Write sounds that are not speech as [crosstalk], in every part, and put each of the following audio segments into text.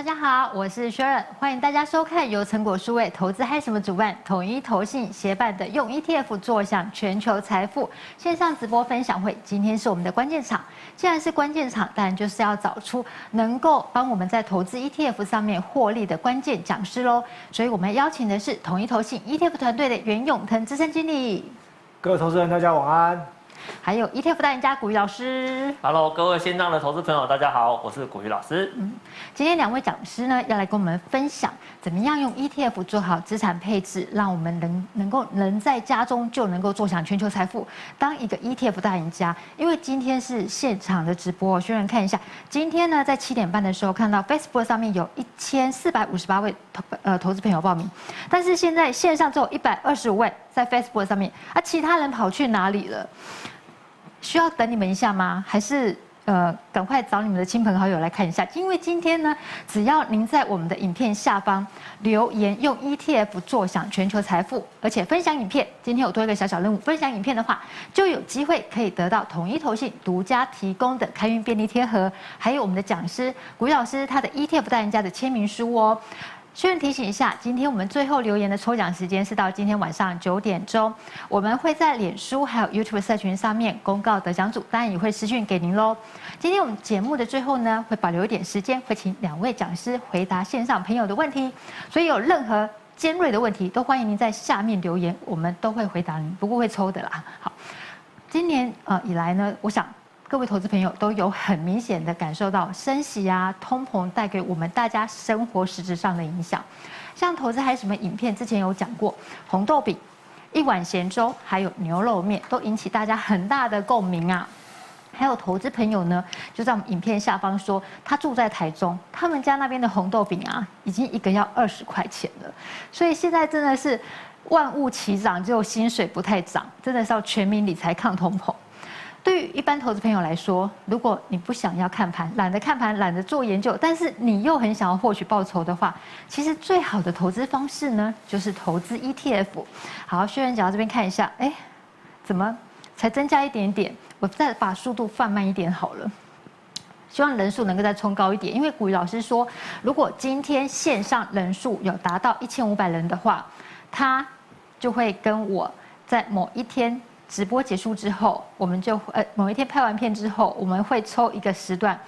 大家好，我是 Sharon，歡迎大家收看由成果數位投資嗨什麼主辦、統一投信協辦的“用 ETF 坐享全球財富”線上直播分享會。今天是我們的關鍵場，既然是關鍵場，當然就是要找出能夠幫我們在投資 ETF 上面獲利的關鍵講師嘍。所以我們邀請的是統一投信 ETF 團隊的袁永騰資深經理。各位投資人，大家晚安。還有 ETF 代言人股魚老師，Hello，各位線上的投資朋友，大家好，我是股魚老師。嗯，今天兩位講師呢，要來跟我們分享。怎麼樣用 ETF 做好資產配置，讓我們能能夠能在家中就能夠坐享全球財富，當一個 ETF 大贏家。因為今天是現場的直播，我先看一下，今天呢在七點半的時候看到 Facebook 上面有一千四百五十八位投呃投資朋友報名，但是現在線上只有一百二十五位在 Facebook 上面，啊其他人跑去哪裡了？需要等你們一下嗎？還是？呃，趕快找你們的親朋好友來看一下，因為今天呢，只要您在我們的影片下方留言，用 ETF 坐享全球財富，而且分享影片，今天有多一個小小任務，分享影片的話，就有機會可以得到統一投信獨家提供的開運便利貼盒，還有我們的講師股老師他的 ETF 大贏家的簽名書哦。順便提醒一下，今天我們最後留言的抽獎時間是到今天晚上九點鐘。我們會在臉書還有 YouTube 社群上面公告得獎組，當然也會私訊給您嘍。今天我們節目的最後呢，會保留一點時間，會請兩位講師回答線上朋友的問題。所以有任何尖銳的問題，都歡迎您在下面留言，我們都會回答您，不過會抽的啦。好，今年呃以來呢，我想。各位投資朋友都有很明顯的感受到升息啊、通膨帶給我們大家生活實質上的影響，像投資嗨什麼影片之前有講過紅豆餅、一碗鹹粥，還有牛肉麵都引起大家很大的共鳴啊。還有投資朋友呢，就在我們影片下方說，他住在台中，他們家那邊的紅豆餅啊，已經一個要二十塊錢了。所以現在真的是萬物齊漲，只有薪水不太漲，真的是要全民理財抗通膨。對於一般投資朋友來說，如果你不想要看盤、懶得看盤、懶得做研究，但是你又很想要獲取報酬的話，其實最好的投資方式呢，就是投資 ETF。好，薛講到這邊看一下，哎，怎麼才增加一點點？我再把速度放慢一點好了。希望人數能夠再衝高一點，因為股魚老師說，如果今天線上人數有達到一千五百人的話，他就會跟我在某一天。直播結束之後，我們就呃某一天拍完片之後，我們會抽一個時段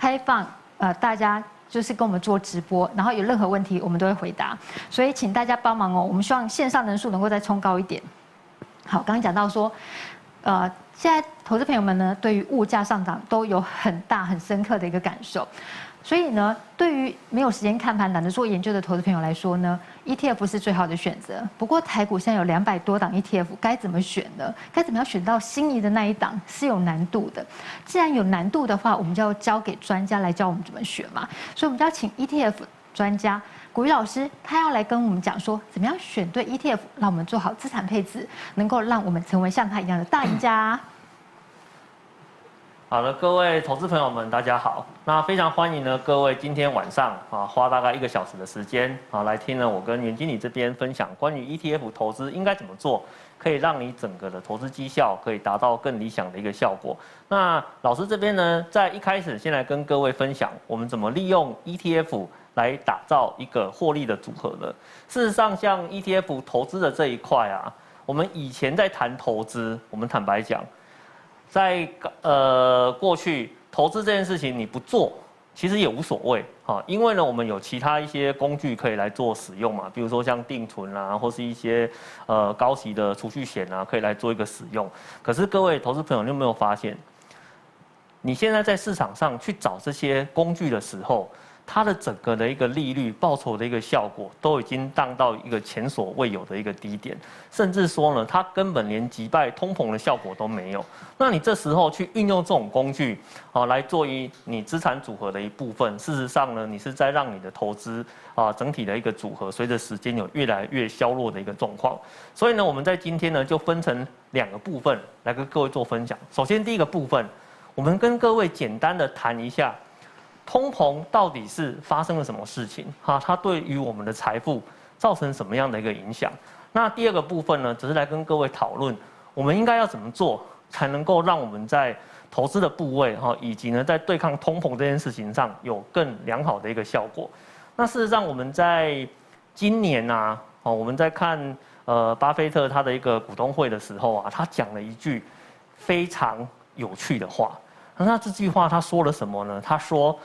開放，呃大家就是跟我們做直播，然後有任何問題我們都會回答。所以請大家幫忙哦，我們希望線上人數能夠再衝高一點。好，剛剛講到說，呃，現在投資朋友們呢，對於物價上漲都有很大很深刻的一個感受。所以呢，對於沒有時間看盤、懶得做研究的投資朋友來說呢。ETF 是最好的選擇，不過台股現在有兩百多檔 ETF，該怎麼選呢？該怎麼樣選到心儀的那一檔是有難度的。既然有難度的話，我們就要交給專家來教我們怎麼選嘛。所以我們就要請 ETF 專家股魚老師，他要來跟我們講說，怎麼樣選對 ETF，讓我們做好資產配置，能夠讓我們成為像他一樣的大贏家。 [coughs] 好的，各位投資朋友們，大家好。那非常歡迎呢，各位今天晚上啊，花大概一個小時的時間啊，來聽呢，我跟袁經理這邊分享關於 ETF 投資應該怎麼做，可以讓你整個的投資績效可以達到更理想的一個效果。那老師這邊呢，在一開始先來跟各位分享，我們怎麼利用 ETF 來打造一個獲利的組合呢？事實上，像 ETF 投資的這一塊啊，我們以前在談投資，我們坦白講。在呃、過去投資這件事情，你不做其實也無所謂哈，因為呢我們有其他一些工具可以來做使用嘛，比如說像定存啊，或是一些呃、高息的儲蓄險啊，可以來做一個使用。可是各位投資朋友，你有沒有發現，你現在在市場上去找這些工具的時候，它的整個的一個利率報酬的一個效果都已經蕩到一個前所未有的一個低點，甚至說呢，它根本連擊敗通膨的效果都沒有。那你這時候去運用這種工具，啊，來作為你資產組合的一部分，事實上呢，你是在讓你的投資啊整體的一個組合，隨着時間有越來越削弱的一個狀況。所以呢，我們在今天呢就分成兩個部分來跟各位做分享。首先第一個部分，我們跟各位簡單的談一下。通膨到底是發生了什麼事情？哈，它對於我們的財富造成什麼樣的一個影響？那第二個部分呢，則是來跟各位討論，我們應該要怎麼做才能夠讓我們在投資的部位哈，以及呢，在對抗通膨這件事情上有更良好的一個效果。那事實上，我們在今年吶，哦，我們在看呃，巴菲特他的一個股東會的時候啊，他講了一句非常有趣的話。那這句話他說了什麼呢？他說，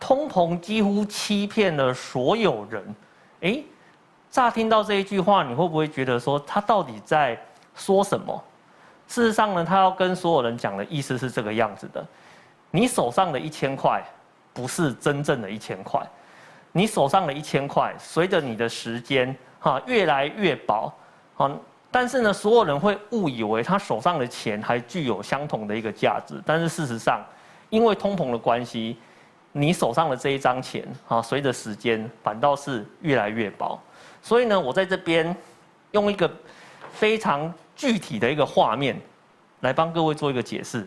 通膨幾乎欺騙了所有人。誒，乍聽到這一句話，你會不會覺得說他到底在說什麼？事實上呢，他要跟所有人講的意思是這個樣子的：你手上的一千塊不是真正的一千塊，你手上的一千塊隨着你的時間哈越來越薄。但是呢，所有人會誤以為他手上的錢還具有相同的一個價值，但是事實上，因為通膨的關係，你手上的這一張錢啊，隨着時間反倒是越來越薄。所以呢，我在這邊用一個非常具體的一個畫面來幫各位做一個解釋。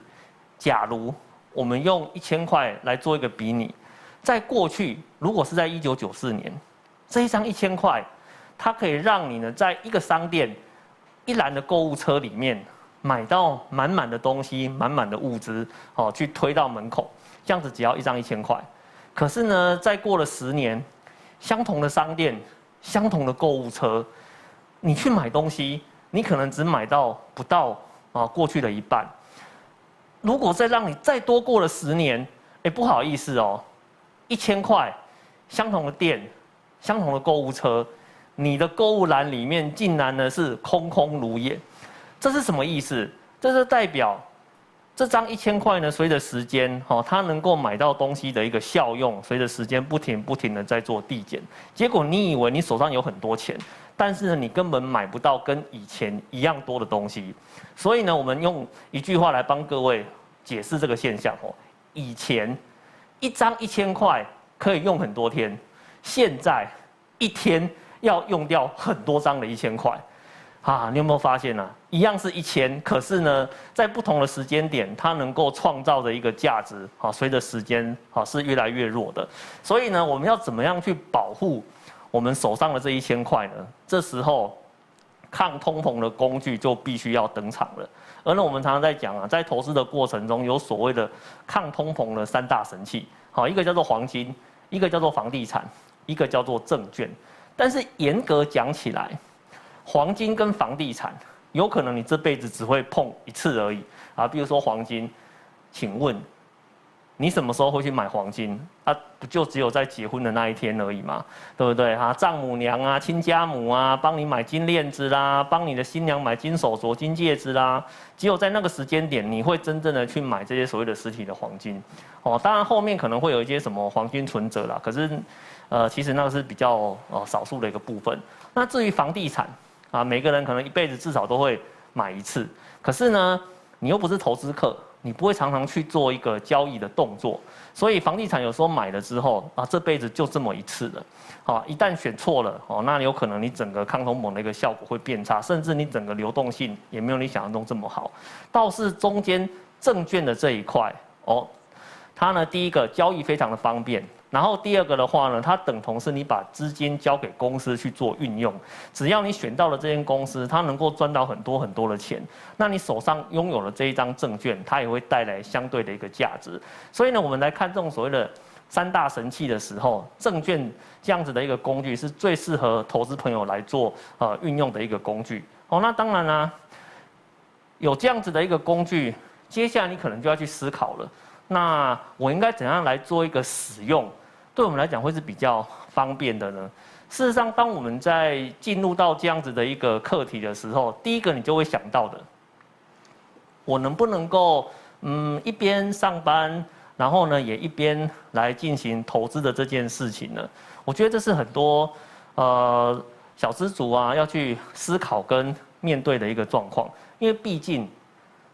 假如我們用一千塊來做一個比擬，在過去，如果是在一九九四年，這一張一千塊，它可以讓你呢，在一個商店。一籃的購物車裡面買到滿滿的東西，滿滿的物資，哦，去推到門口，這樣子只要一張一千塊。可是呢，再過了十年，相同的商店，相同的購物車，你去買東西，你可能只買到不到啊、哦、過去的一半。如果再讓你再多過了十年，哎，不好意思哦，一千塊，相同的店，相同的購物車。你的購物籃裡面竟然呢是空空如也，這是什麼意思？這是代表，這張一千塊呢，隨着時間，哦，它能夠買到東西的一個效用，隨着時間不停不停的在做遞減。結果你以為你手上有很多錢，但是呢，你根本買不到跟以前一樣多的東西。所以呢，我們用一句話來幫各位解釋這個現象：哦，以前一張一千塊可以用很多天，現在一天。要用掉很多張的一千塊，啊，你有沒有發現呢、啊？一樣是一千，可是呢，在不同的時間點，它能夠創造的一個價值啊，隨着時間啊是越來越弱的。所以呢，我們要怎麼樣去保護我們手上的這一千塊呢？這時候，抗通膨的工具就必須要登場了。而呢，我們常常在講啊，在投資的過程中，有所謂的抗通膨的三大神器，好、啊，一個叫做黃金，一個叫做房地產，一個叫做證券。但是嚴格講起來，黃金跟房地產，有可能你這輩子只會碰一次而已啊。比如說黃金，請問，你什麼時候會去買黃金啊？不就只有在結婚的那一天而已嗎？對不對啊？丈母娘啊、親家母啊，幫你買金鏈子啦、啊，幫你的新娘買金手鐲、金戒指啦、啊，只有在那個時間點，你會真正的去買這些所謂的實體的黃金。哦，當然後面可能會有一些什麼黃金存折啦，可是。呃，其實那個是比較呃少數的一個部分。那至於房地產啊，每個人可能一輩子至少都會買一次。可是呢，你又不是投資客，你不會常常去做一個交易的動作。所以房地產有時候買了之後啊，這輩子就這麼一次了。好，啊，一旦選錯了哦，那有可能你整個抗通膨的一個效果會變差，甚至你整個流動性也沒有你想象中這麼好。倒是中間證券的這一塊哦，它呢第一個交易非常的方便。然後第二個的話呢，它等同是你把資金交給公司去做運用，只要你選到了這間公司，它能夠賺到很多很多的錢，那你手上擁有了這一張證券，它也會帶來相對的一個價值。所以呢，我們來看這種所謂的三大神器的時候，證券這樣子的一個工具是最適合投資朋友來做呃運用的一個工具。好，那當然啦，有這樣子的一個工具，接下來你可能就要去思考了，那我應該怎樣來做一個使用？對我們來講會是比較方便的呢。事實上，當我們在進入到這樣子的一個課題的時候，第一個你就會想到的，我能不能夠嗯一邊上班，然後呢也一邊來進行投資的這件事情呢？我覺得這是很多呃小資族啊要去思考跟面對的一個狀況，因為畢竟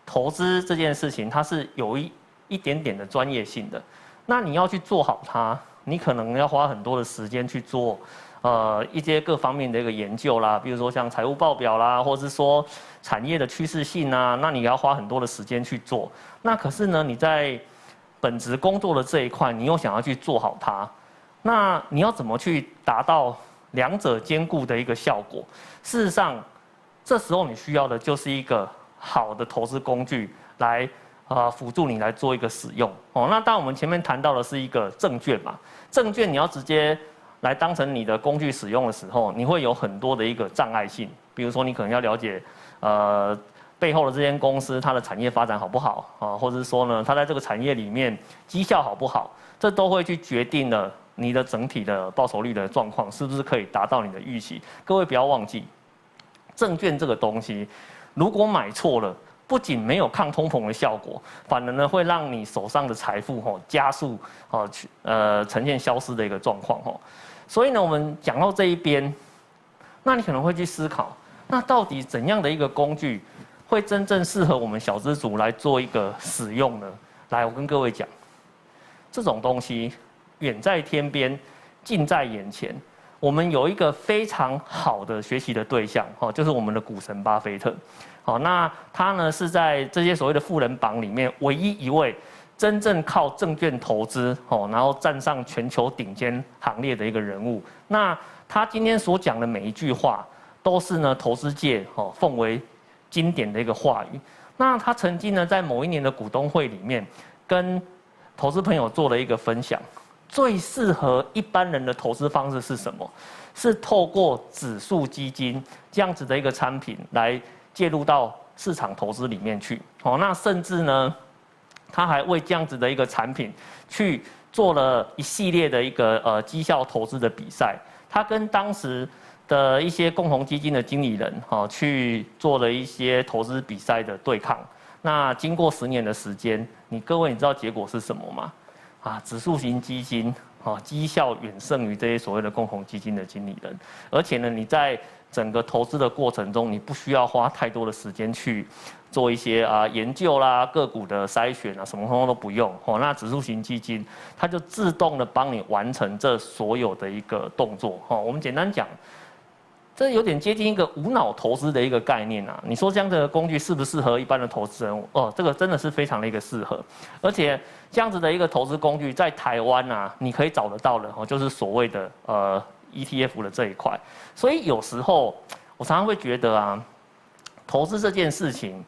投資這件事情它是有一一點點的專業性的，那你要去做好它。你可能要花很多的時間去做，呃，一些各方面的一個研究啦，比如說像財務報表啦，或者是說產業的趨勢性啊，那你要花很多的時間去做。那可是呢，你在本職工作的這一塊，你又想要去做好它，那你要怎麼去達到兩者兼顧的一個效果？事實上，這時候你需要的就是一個好的投資工具來。啊、呃，輔助你來做一個使用哦。那當我們前面談到的是一個證券嘛，證券你要直接來當成你的工具使用的時候，你會有很多的一個障礙性。比如說，你可能要了解呃背後的這間公司它的產業發展好不好啊、哦，或者是說呢，它在這個產業裡面績效好不好，這都會去決定了你的整體的報酬率的狀況是不是可以達到你的預期。各位不要忘記，證券這個東西如果買錯了，不僅沒有抗通膨的效果，反而呢會讓你手上的財富吼加速哦呃，呃呈現消失的一個狀況。所以呢我們講到這一邊，那你可能會去思考，那到底怎樣的一個工具會真正適合我們小資族來做一個使用呢？來，我跟各位講，這種東西遠在天邊，近在眼前，我們有一個非常好的學習的對象，就是我們的股神巴菲特。好，那他呢是在這些所謂的富人榜裡面唯一一位，真正靠證券投資哦，然後站上全球頂尖行列的一個人物。那他今天所講的每一句話，都是呢投資界哦奉為經典的一個話語。那他曾經呢在某一年的股東會裡面，跟投資朋友做了一個分享：最適合一般人的投資方式是什麼？是透過指數基金這樣子的一個產品來。介入到市場投資裡面去，哦，那甚至呢，他還為這樣子的一個產品去做了一系列的一個呃績效投資的比賽，他跟當時的一些共同基金的經理人，哈、哦，去做了一些投資比賽的對抗。那經過十年的時間，你各位你知道結果是什麼嗎？啊，指數型基金，啊、哦，績效遠勝於這些所謂的共同基金的經理人，而且呢，你在，整個投資的過程中，你不需要花太多的時間去做一些啊、呃、研究啦、個股的篩選啊，什麼通通都不用哦。那指數型基金，它就自動的幫你完成這所有的一個動作哦。我們簡單講，這有點接近一個無腦投資的一個概念啊。你說這樣的工具適不適合一般的投資人？哦，這個真的是非常的一個適合。而且這樣子的一個投資工具，在台灣啊，你可以找得到的哦，就是所謂的呃。ETF 的這一塊，所以有時候我常常會覺得啊，投資這件事情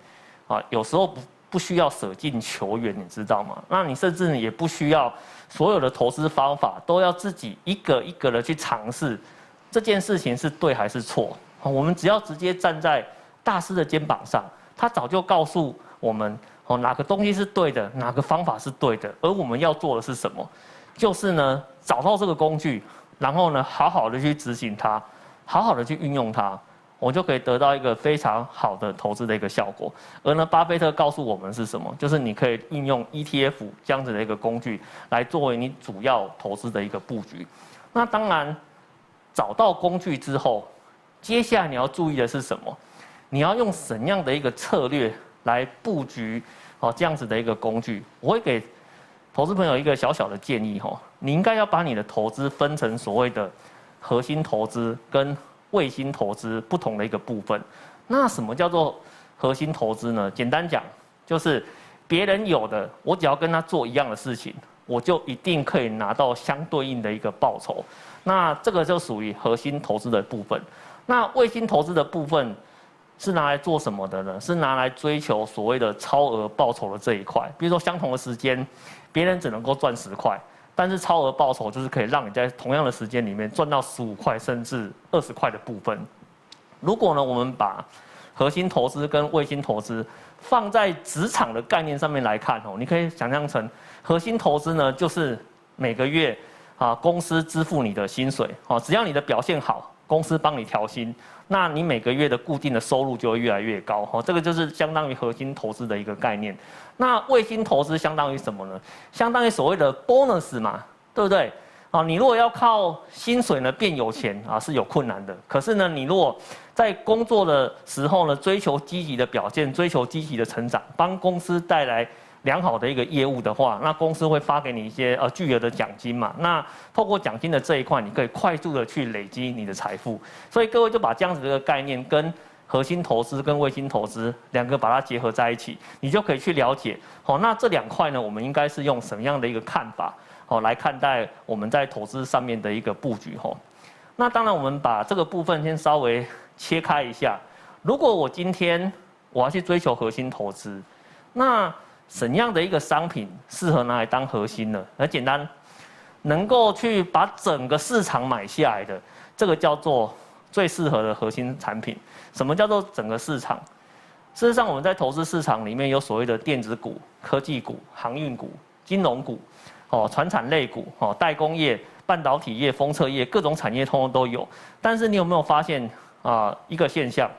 啊，有時候不不需要舍近求遠，你知道嗎？那你甚至也不需要所有的投資方法都要自己一個一個的去嘗試，這件事情是對還是錯？我們只要直接站在大師的肩膀上，他早就告訴我們哦，哪個東西是對的，哪個方法是對的，而我們要做的是什麼？就是呢，找到這個工具。然後呢，好好的去執行它，好好的去運用它，我就可以得到一個非常好的投資的一個效果。而呢，巴菲特告訴我們是什麼？就是你可以運用 ETF 這樣子的一個工具，來作為你主要投資的一個布局。那當然，找到工具之後，接下來你要注意的是什麼？你要用怎樣的一個策略來布局？哦，這樣子的一個工具，我會給投資朋友一個小小的建議哦。你應該要把你的投資分成所謂的核心投資跟衛星投資不同的一個部分。那什麼叫做核心投資呢？簡單講，就是別人有的，我只要跟他做一樣的事情，我就一定可以拿到相對應的一個報酬。那這個就屬於核心投資的部分。那衛星投資的部分是拿來做什麼的呢？是拿來追求所謂的超額報酬的這一塊。比如說，相同的時間，別人只能夠賺十塊。但是超額報酬就是可以讓你在同樣的時間裡面賺到十五塊甚至二十塊的部分。如果呢，我們把核心投資跟衛星投資放在職場的概念上面來看哦，你可以想象成核心投資呢，就是每個月啊，公司支付你的薪水哦，只要你的表現好，公司幫你調薪。那你每個月的固定的收入就會越來越高哈，這個就是相當於核心投資的一個概念。那衛星投資相當於什麼呢？相當於所謂的 bonus 嘛，對不對？啊，你如果要靠薪水呢，變有錢啊是有困難的，可是呢你如果在工作的時候呢追求積極的表現，追求積極的成長，幫公司帶來良好的一個業務的話，那公司會發給你一些呃巨額的獎金嘛。那透過獎金的這一塊，你可以快速的去累積你的財富。所以各位就把這樣子的一個概念跟核心投資跟衛星投資兩個把它結合在一起，你就可以去了解。好，那這兩塊呢，我們應該是用什麼樣的一個看法，好，來看待我們在投資上面的一個布局？吼，那當然我們把這個部分先稍微切開一下。如果我今天我要去追求核心投資，那怎樣的一個商品適合拿來當核心呢？很簡單，能夠去把整個市場買下來的，這個叫做最適合的核心產品。什麼叫做整個市場？事實上，我們在投資市場裡面有所謂的電子股、科技股、航運股、金融股、哦，傳產類股、哦，代工業、半導體業、封測業，各種產業通通都有。但是你有沒有發現啊、呃，一個現象，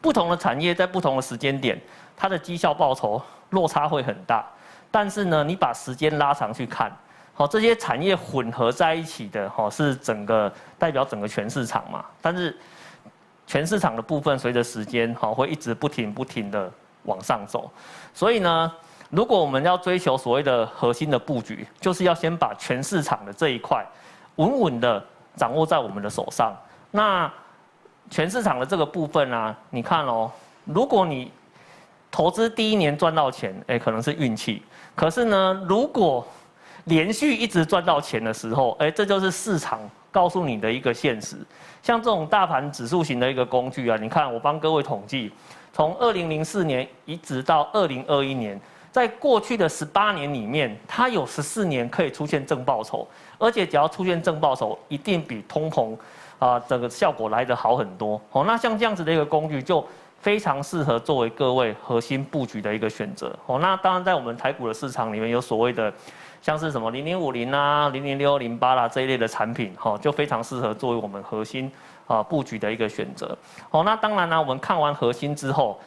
不同的產業在不同的時間點，它的績效報酬？落差會很大，但是呢，你把時間拉長去看，好，這些產業混合在一起的，哈，是整個代表整個全市場嘛，但是全市場的部分，隨着時間，好，會一直不停不停的往上走。所以呢，如果我們要追求所謂的核心的布局，就是要先把全市場的這一塊穩穩的掌握在我們的手上。那全市場的這個部分呢、啊，你看哦，如果你，投資第一年賺到錢，欸，可能是運氣。可是呢，如果連續一直賺到錢的時候，欸，這就是市場告訴你的一個現實。像這種大盤指數型的一個工具啊，你看，我幫各位統計，從二零零四年一直到二零二一年，在過去的十八年裡面，它有十四年可以出現正報酬，而且只要出現正報酬，一定比通膨啊這個效果來得好很多。好，那像這樣子的一個工具就。非常適合作為各位核心布局的一個選擇。那當然，在我們台股的市場裡面，有所謂的像是什麼零零五零啊、零零六幺零八啦這一類的產品，就非常適合作為我們核心啊布局的一個選擇。好，那當然呢，啊，我們看完核心之後，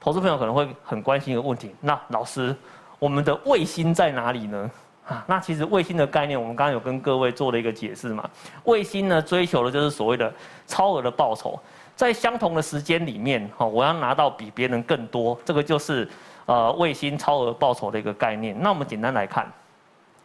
投資朋友可能會很關心一個問題：那老師，我們的衛星在哪裡呢？啊，那其實衛星的概念，我們剛剛有跟各位做了一個解釋嘛。衛星呢，追求的就是所謂的超額的報酬。在相同的時間裡面，哈，我要拿到比別人更多，這個就是呃衛星超額報酬的一個概念。那我們簡單來看，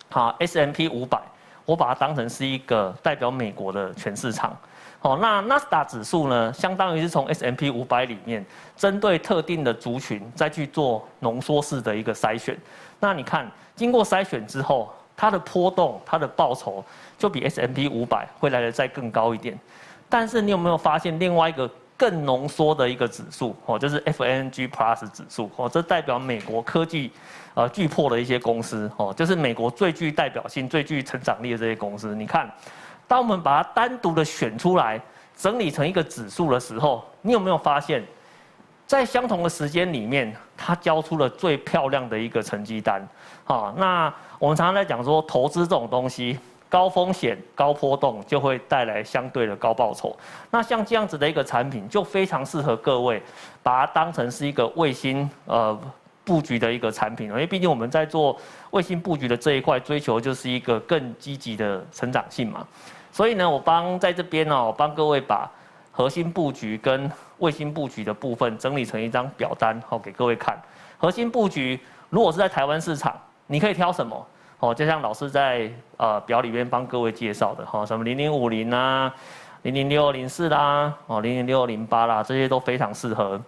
好 S M P 五百，500, 我把它當成是一個代表美國的全市場，好，那納斯達指數呢，相當於是從 S M P 五百裡面針對特定的族群再去做濃縮式的一個篩選。那你看，經過篩選之後，它的波動、它的報酬就比 S M P 五百會來得再更高一點。但是你有沒有發現另外一個更濃縮的一個指數哦，就是 FANG+ 指數哦，這代表美國科技呃巨擘的一些公司哦，就是美國最具代表性、最具成長力的這些公司。你看，當我們把它單獨的選出來，整理成一個指數的時候，你有沒有發現，在相同的時間裡面，它交出了最漂亮的一個成績單？啊、哦，那我們常常在講說投資這種東西。高風險、高波動就會帶來相對的高報酬。那像這樣子的一個產品，就非常適合各位把它當成是一個衛星呃佈局的一個產品，因為畢竟我們在做衛星佈局的這一塊，追求就是一個更積極的成長性嘛。所以呢，我幫在這邊呢、哦，我幫各位把核心佈局跟衛星佈局的部分整理成一張表單，好、哦、給各位看。核心佈局如果是在台灣市場，你可以挑什麼？哦，就像老師在呃表裡面幫各位介紹的哈，什麼零零五零啦，零零六二零四啦，哦，零零六二零八啦，這些都非常適合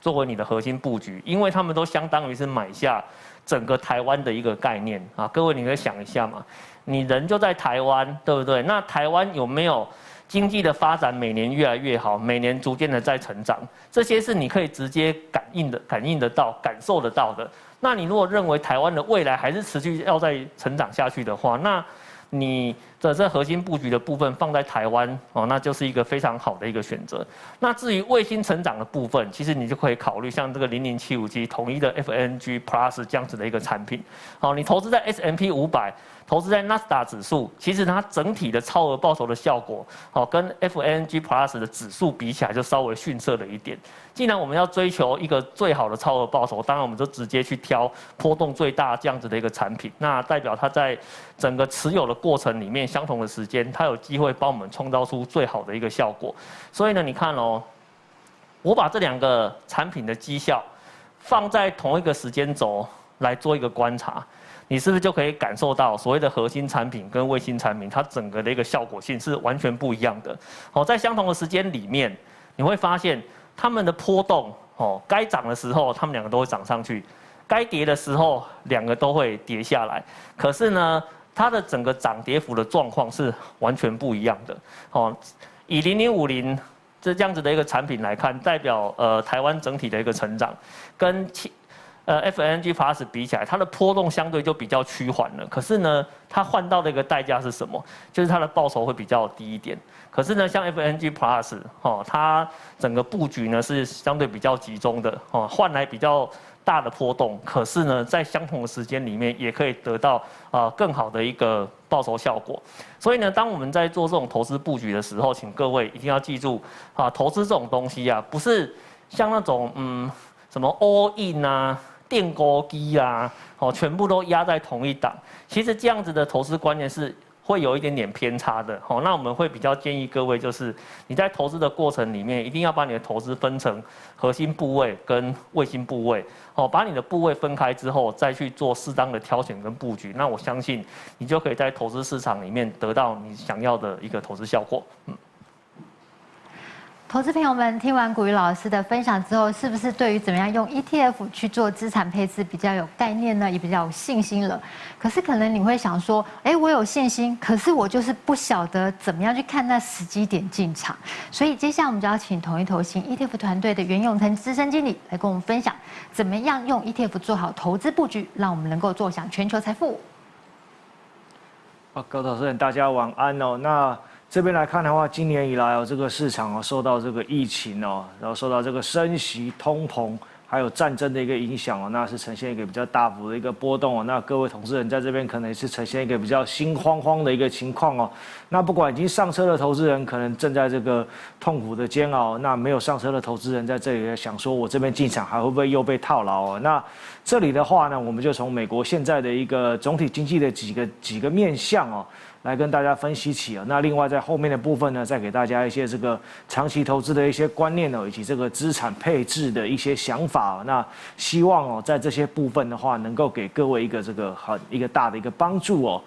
作為你的核心布局，因為它們都相當於是買下整個台灣的一個概念啊。各位你可以想一下嘛，你人就在台灣，對不對？那台灣有沒有經濟的發展？每年越來越好，每年逐漸的在成長，這些是你可以直接感應的、感應得到、感受得到的。那你如果認為台灣的未來還是持續要再成長下去的話，那你的這核心布局的部分放在台灣哦，那就是一個非常好的一個選擇。那至於衛星成長的部分，其實你就可以考慮像這個零零七五七統一的 FNG Plus 這樣子的一個產品。哦，你投資在 S M P 五百。投資在 Nasdaq 指數，其實它整體的超額報酬的效果，好跟 FANG Plus 的指數比起來就稍微遜色了一點。既然我們要追求一個最好的超額報酬，當然我們就直接去挑波動最大這樣子的一個產品。那代表它在整個持有的過程裡面，相同的時間，它有機會幫我們創造出最好的一個效果。所以呢，你看哦，我把這兩個產品的績效放在同一個時間軸來做一個觀察。你是不是就可以感受到所謂的核心產品跟衛星產品，它整個的一個效果性是完全不一樣的？哦，在相同的時間裡面，你會發現它們的波動，哦，該漲的時候，它們兩個都會漲上去；該跌的時候，兩個都會跌下來。可是呢，它的整個漲跌幅的狀況是完全不一樣的。哦，以零零五零這這樣子的一個產品來看，代表呃台灣整體的一個成長，跟呃、FNG Plus 比起來，它的波動相對就比較趨緩了。可是呢，它換到的一個代價是什麼？就是它的報酬會比較低一點。可是呢，像 FNG Plus 哦，它整個佈局呢是相對比較集中的哦，換來比較大的波動。可是呢，在相同的時間裡面，也可以得到啊、呃、更好的一個報酬效果。所以呢，當我們在做這種投資佈局的時候，請各位一定要記住啊，投資這種東西啊，不是像那種嗯什麼 All In 啊。電鍋機啊，哦，全部都壓在同一檔。其實這樣子的投資觀念是會有一點點偏差的。哦，那我們會比較建議各位，就是你在投資的過程裡面，一定要把你的投資分成核心部位跟衛星部位。哦，把你的部位分開之後，再去做適當的挑選跟布局。那我相信你就可以在投資市場裡面得到你想要的一個投資效果。嗯。投資朋友們聽完股魚老師的分享之後，是不是對於怎麼樣用 ETF 去做資產配置比較有概念呢？也比較有信心了。可是可能你會想說，哎、欸，我有信心，可是我就是不曉得怎麼樣去看那時機點進場。所以接下來我們就要請統一投信 ETF 團隊的袁永騰資深經理來跟我們分享，怎麼樣用 ETF 做好投資布局，讓我們能夠坐享全球財富。哦、高老師，大家晚安哦。那。這邊來看的話，今年以來哦，這個市場啊受到這個疫情哦，然後受到這個升息、通膨還有戰爭的一個影響哦，那是呈現一個比較大幅的一個波動哦。那各位投資人在這邊可能也是呈現一個比較心慌慌的一個情況哦。那不管已經上車的投資人可能正在這個痛苦的煎熬，那沒有上車的投資人在這裡想說，我這邊進場還會不會又被套牢？那這裡的話呢，我們就從美國現在的一個總體經濟的幾個幾個面向哦。來跟大家分析起啊，那另外在後面的部分呢，再給大家一些這個長期投資的一些觀念呢，以及這個資產配置的一些想法。那希望哦，在這些部分的話，能夠給各位一個這個很一個大的一個幫助哦。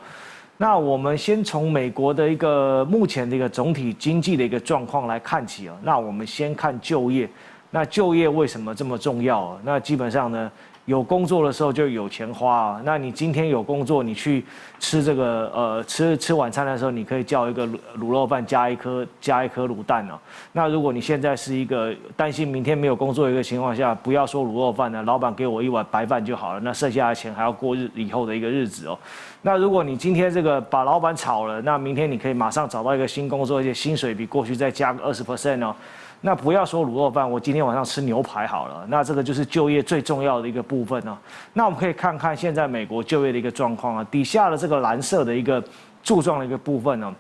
那我們先從美國的一個目前的一個總體經濟的一個狀況來看起啊。那我們先看就業，那就業為什麼這麼重要？那基本上呢，有工作的時候就有錢花啊！那你今天有工作，你去吃這個呃吃吃晚餐的時候，你可以叫一個滷滷肉飯加一顆加一顆滷蛋哦。那如果你現在是一個擔心明天沒有工作的一個情況下，不要說滷肉飯了，老板給我一碗白飯就好了。那剩下的錢還要過日以後的一個日子哦。那如果你今天這個把老板炒了，那明天你可以馬上找到一個新工作，而且薪水比過去再加個二十 percent 哦。那不要說滷肉飯，我今天晚上吃牛排好了。那這個就是就業最重要的一個部分呢、哦。那我們可以看看現在美國就業的一個狀況啊，底下的這個藍色的一個柱狀的一個部分呢、哦，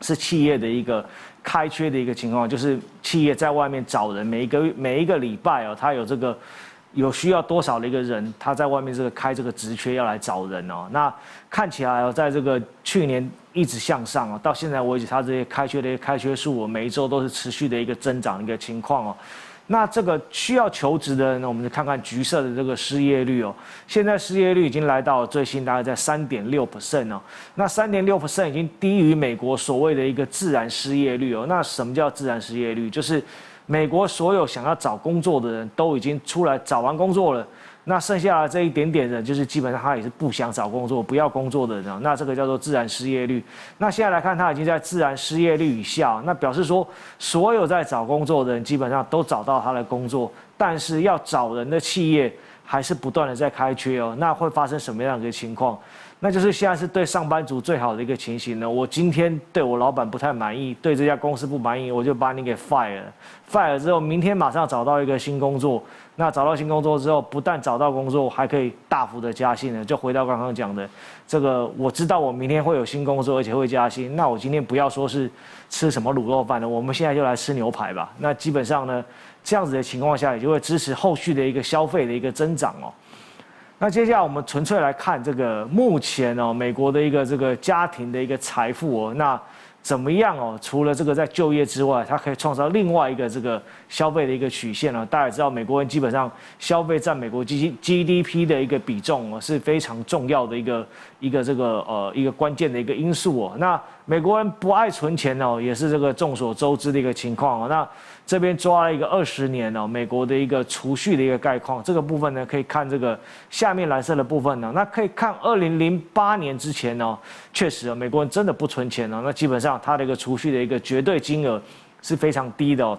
是企業的一個開缺的一個情況，就是企業在外面找人，每一個每一個禮拜哦，他有這個有需要多少的一個人，他在外面這個開這個職缺要來找人哦。那看起來哦，在這個去年，一直向上啊，到現在為止，他這些開缺的、開缺數，我每一周都是持續的一個增長一個情況哦。那這個需要求職的人，我們就看看橘色的這個失業率哦，現在失業率已經來到最新大概在三點六 percent 哦。那三點六 percent 已經低於美國所謂的一個自然失業率哦。那什麼叫自然失業率？就是美國所有想要找工作的人都已經出來找完工作了。那剩下的這一點點的人，就是基本上他也是不想找工作，不要工作的人哦。那這個叫做自然失業率。那現在來看，他已經在自然失業率以下，那表示說，所有在找工作的人基本上都找到他的工作，但是要找人的企業還是不斷的在開缺哦，那會發生什麼樣的情況？那就是現在是對上班族最好的一個情形了。我今天對我老闆不太滿意，對這家公司不滿意，我就把你給 fire 了，fire 之後，明天馬上找到一個新工作。那找到新工作之後，不但找到工作，還可以大幅的加薪了。就回到剛剛講的，這個我知道我明天會有新工作，而且會加薪。那我今天不要說是吃什麼滷肉飯了，我們現在就來吃牛排吧。那基本上呢，這樣子的情況下，也就會支持後續的一個消費的一個增長哦。那接下來我們純粹來看這個目前哦，美國的一個這個家庭的一個財富哦，那怎麼樣哦？除了這個在就業之外，它可以創造另外一個這個消費的一個曲線呢哦？大家也知道，美國人基本上消費佔美國 GDP 的一個比重哦，是非常重要的一個一個這個呃一個關鍵的一個因素哦。那美國人不愛存錢哦，也是這個眾所周知的一個情況哦。那這邊抓了一個二十年呢、喔，美國的一個儲蓄的一個概況，這個部分呢可以看這個下面藍色的部分呢、喔。那可以看二零零八年之前呢、喔，確實啊、喔，美國人真的不存錢呢、喔，那基本上他的一個儲蓄的一個絕對金額是非常低的、喔。哦。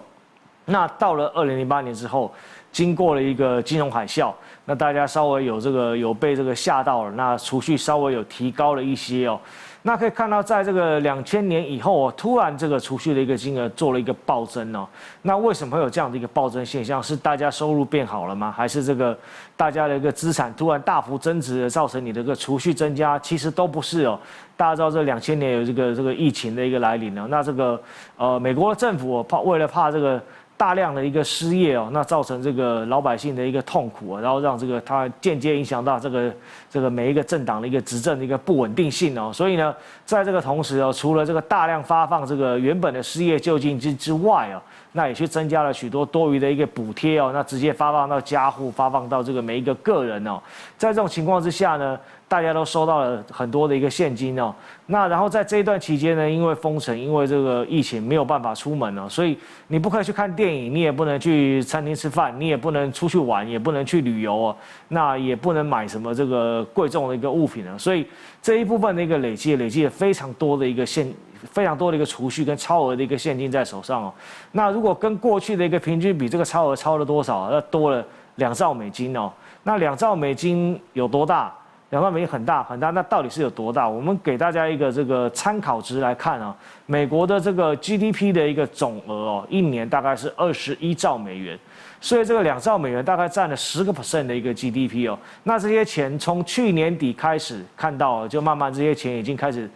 那到了二零零八年之後，經過了一個金融海嘯，那大家稍微有這個有被這個嚇到了，那儲蓄稍微有提高了一些哦、喔。那可以看到，在這個兩千年以後突然這個儲蓄的一個金額做了一個暴增哦。那為什麼會有這樣的一個暴增現象？是大家收入變好了嗎？還是這個大家的一個資產突然大幅增值，造成你的一個儲蓄增加？其實都不是哦。大家知道，這兩千年有這個這個疫情的一個來臨呢，那這個呃，美國的政府怕為了怕這個。大量的一個失業哦，那造成這個老百姓的一個痛苦啊，然後讓這個它間接影響到這個這個每一個政黨的一個執政的一個不穩定性哦，所以呢，在這個同時哦，除了這個大量發放這個原本的失業救濟金之外啊。那也去增加了許多多餘的一個補貼哦，那直接發放到家戶，發放到這個每一個個人哦。在這種情況之下呢，大家都收到了很多的一個現金哦。那然後在這一段期間呢，因為封城，因為這個疫情沒有辦法出門哦，所以你不可以去看電影，你也不能去餐廳吃飯，你也不能出去玩，也不能去旅遊哦。那也不能買什麼這個貴重的一個物品了哦。所以這一部分的一個累積，累積了非常多的一個現。非常多的一個儲蓄跟超額的一個現金在手上哦，那如果跟過去的一個平均比，這個超額超了多少啊？那多了兩兆美金哦。那兩兆美金有多大？兩兆美金很大很大。那到底是有多大？我們給大家一個這個參考值來看啊。美國的這個 GDP 的一個總額哦，一年大概是二十一兆美元，所以這個兩兆美元大概佔了十個 percent 的一個 GDP 哦。那這些錢從去年底開始看到，就慢慢這些錢已經開始。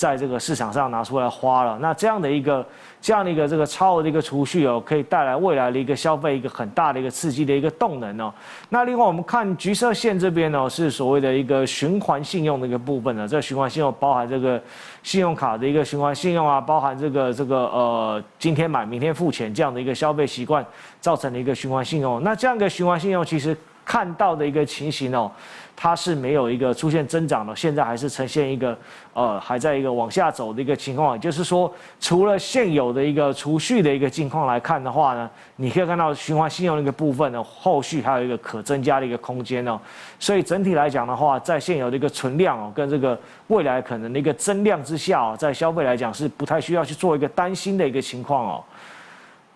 在這個市場上拿出來花了，那這樣的一個這樣的一個這個超額的一個儲蓄哦，可以帶來未來的一個消費一個很大的一個刺激的一個動能哦。那另外我們看橘色線這邊呢、哦，是所謂的一個循環信用的一個部分呢。這個、循環信用包含這個信用卡的一個循環信用啊，包含這個這個呃，今天買明天付錢這樣的一個消費習慣造成的一個循環信用。那這樣的循環信用其實看到的一個情形哦。它是沒有一個出現增長的，現在還是呈現一個，呃，還在一個往下走的一個情況。也就是說，除了現有的一個儲蓄的一個境況來看的話呢，你可以看到循環信用的一個部分呢，後續還有一個可增加的一個空間哦。所以整體來講的話，在現有的一個存量哦，跟這個未來可能的一個增量之下哦，在消費來講是不太需要去做一個擔心的一個情況哦。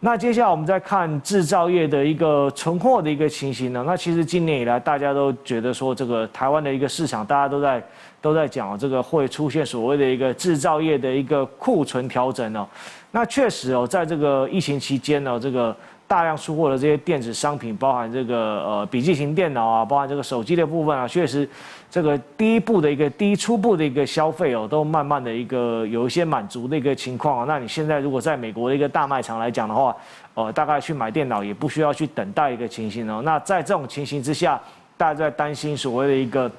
那接下來我們再看製造業的一個存貨的一個情形呢？那其實今年以來大家都覺得說，這個台灣的一個市場大家都在都在講這個會出現所謂的一個製造業的一個庫存調整呢。那確實哦，在這個疫情期間呢，這個大量出貨的這些電子商品，包含這個呃筆記型電腦啊，包含這個手機的部分啊，確實。這個第一步的一個第一初步的一個消費哦，都慢慢的一個有一些滿足的一個情況啊。那你現在如果在美國的一個大賣場來講的話，呃，大概去買電腦也不需要去等待一個情形哦。那在這種情形之下，大家在擔心所謂的一個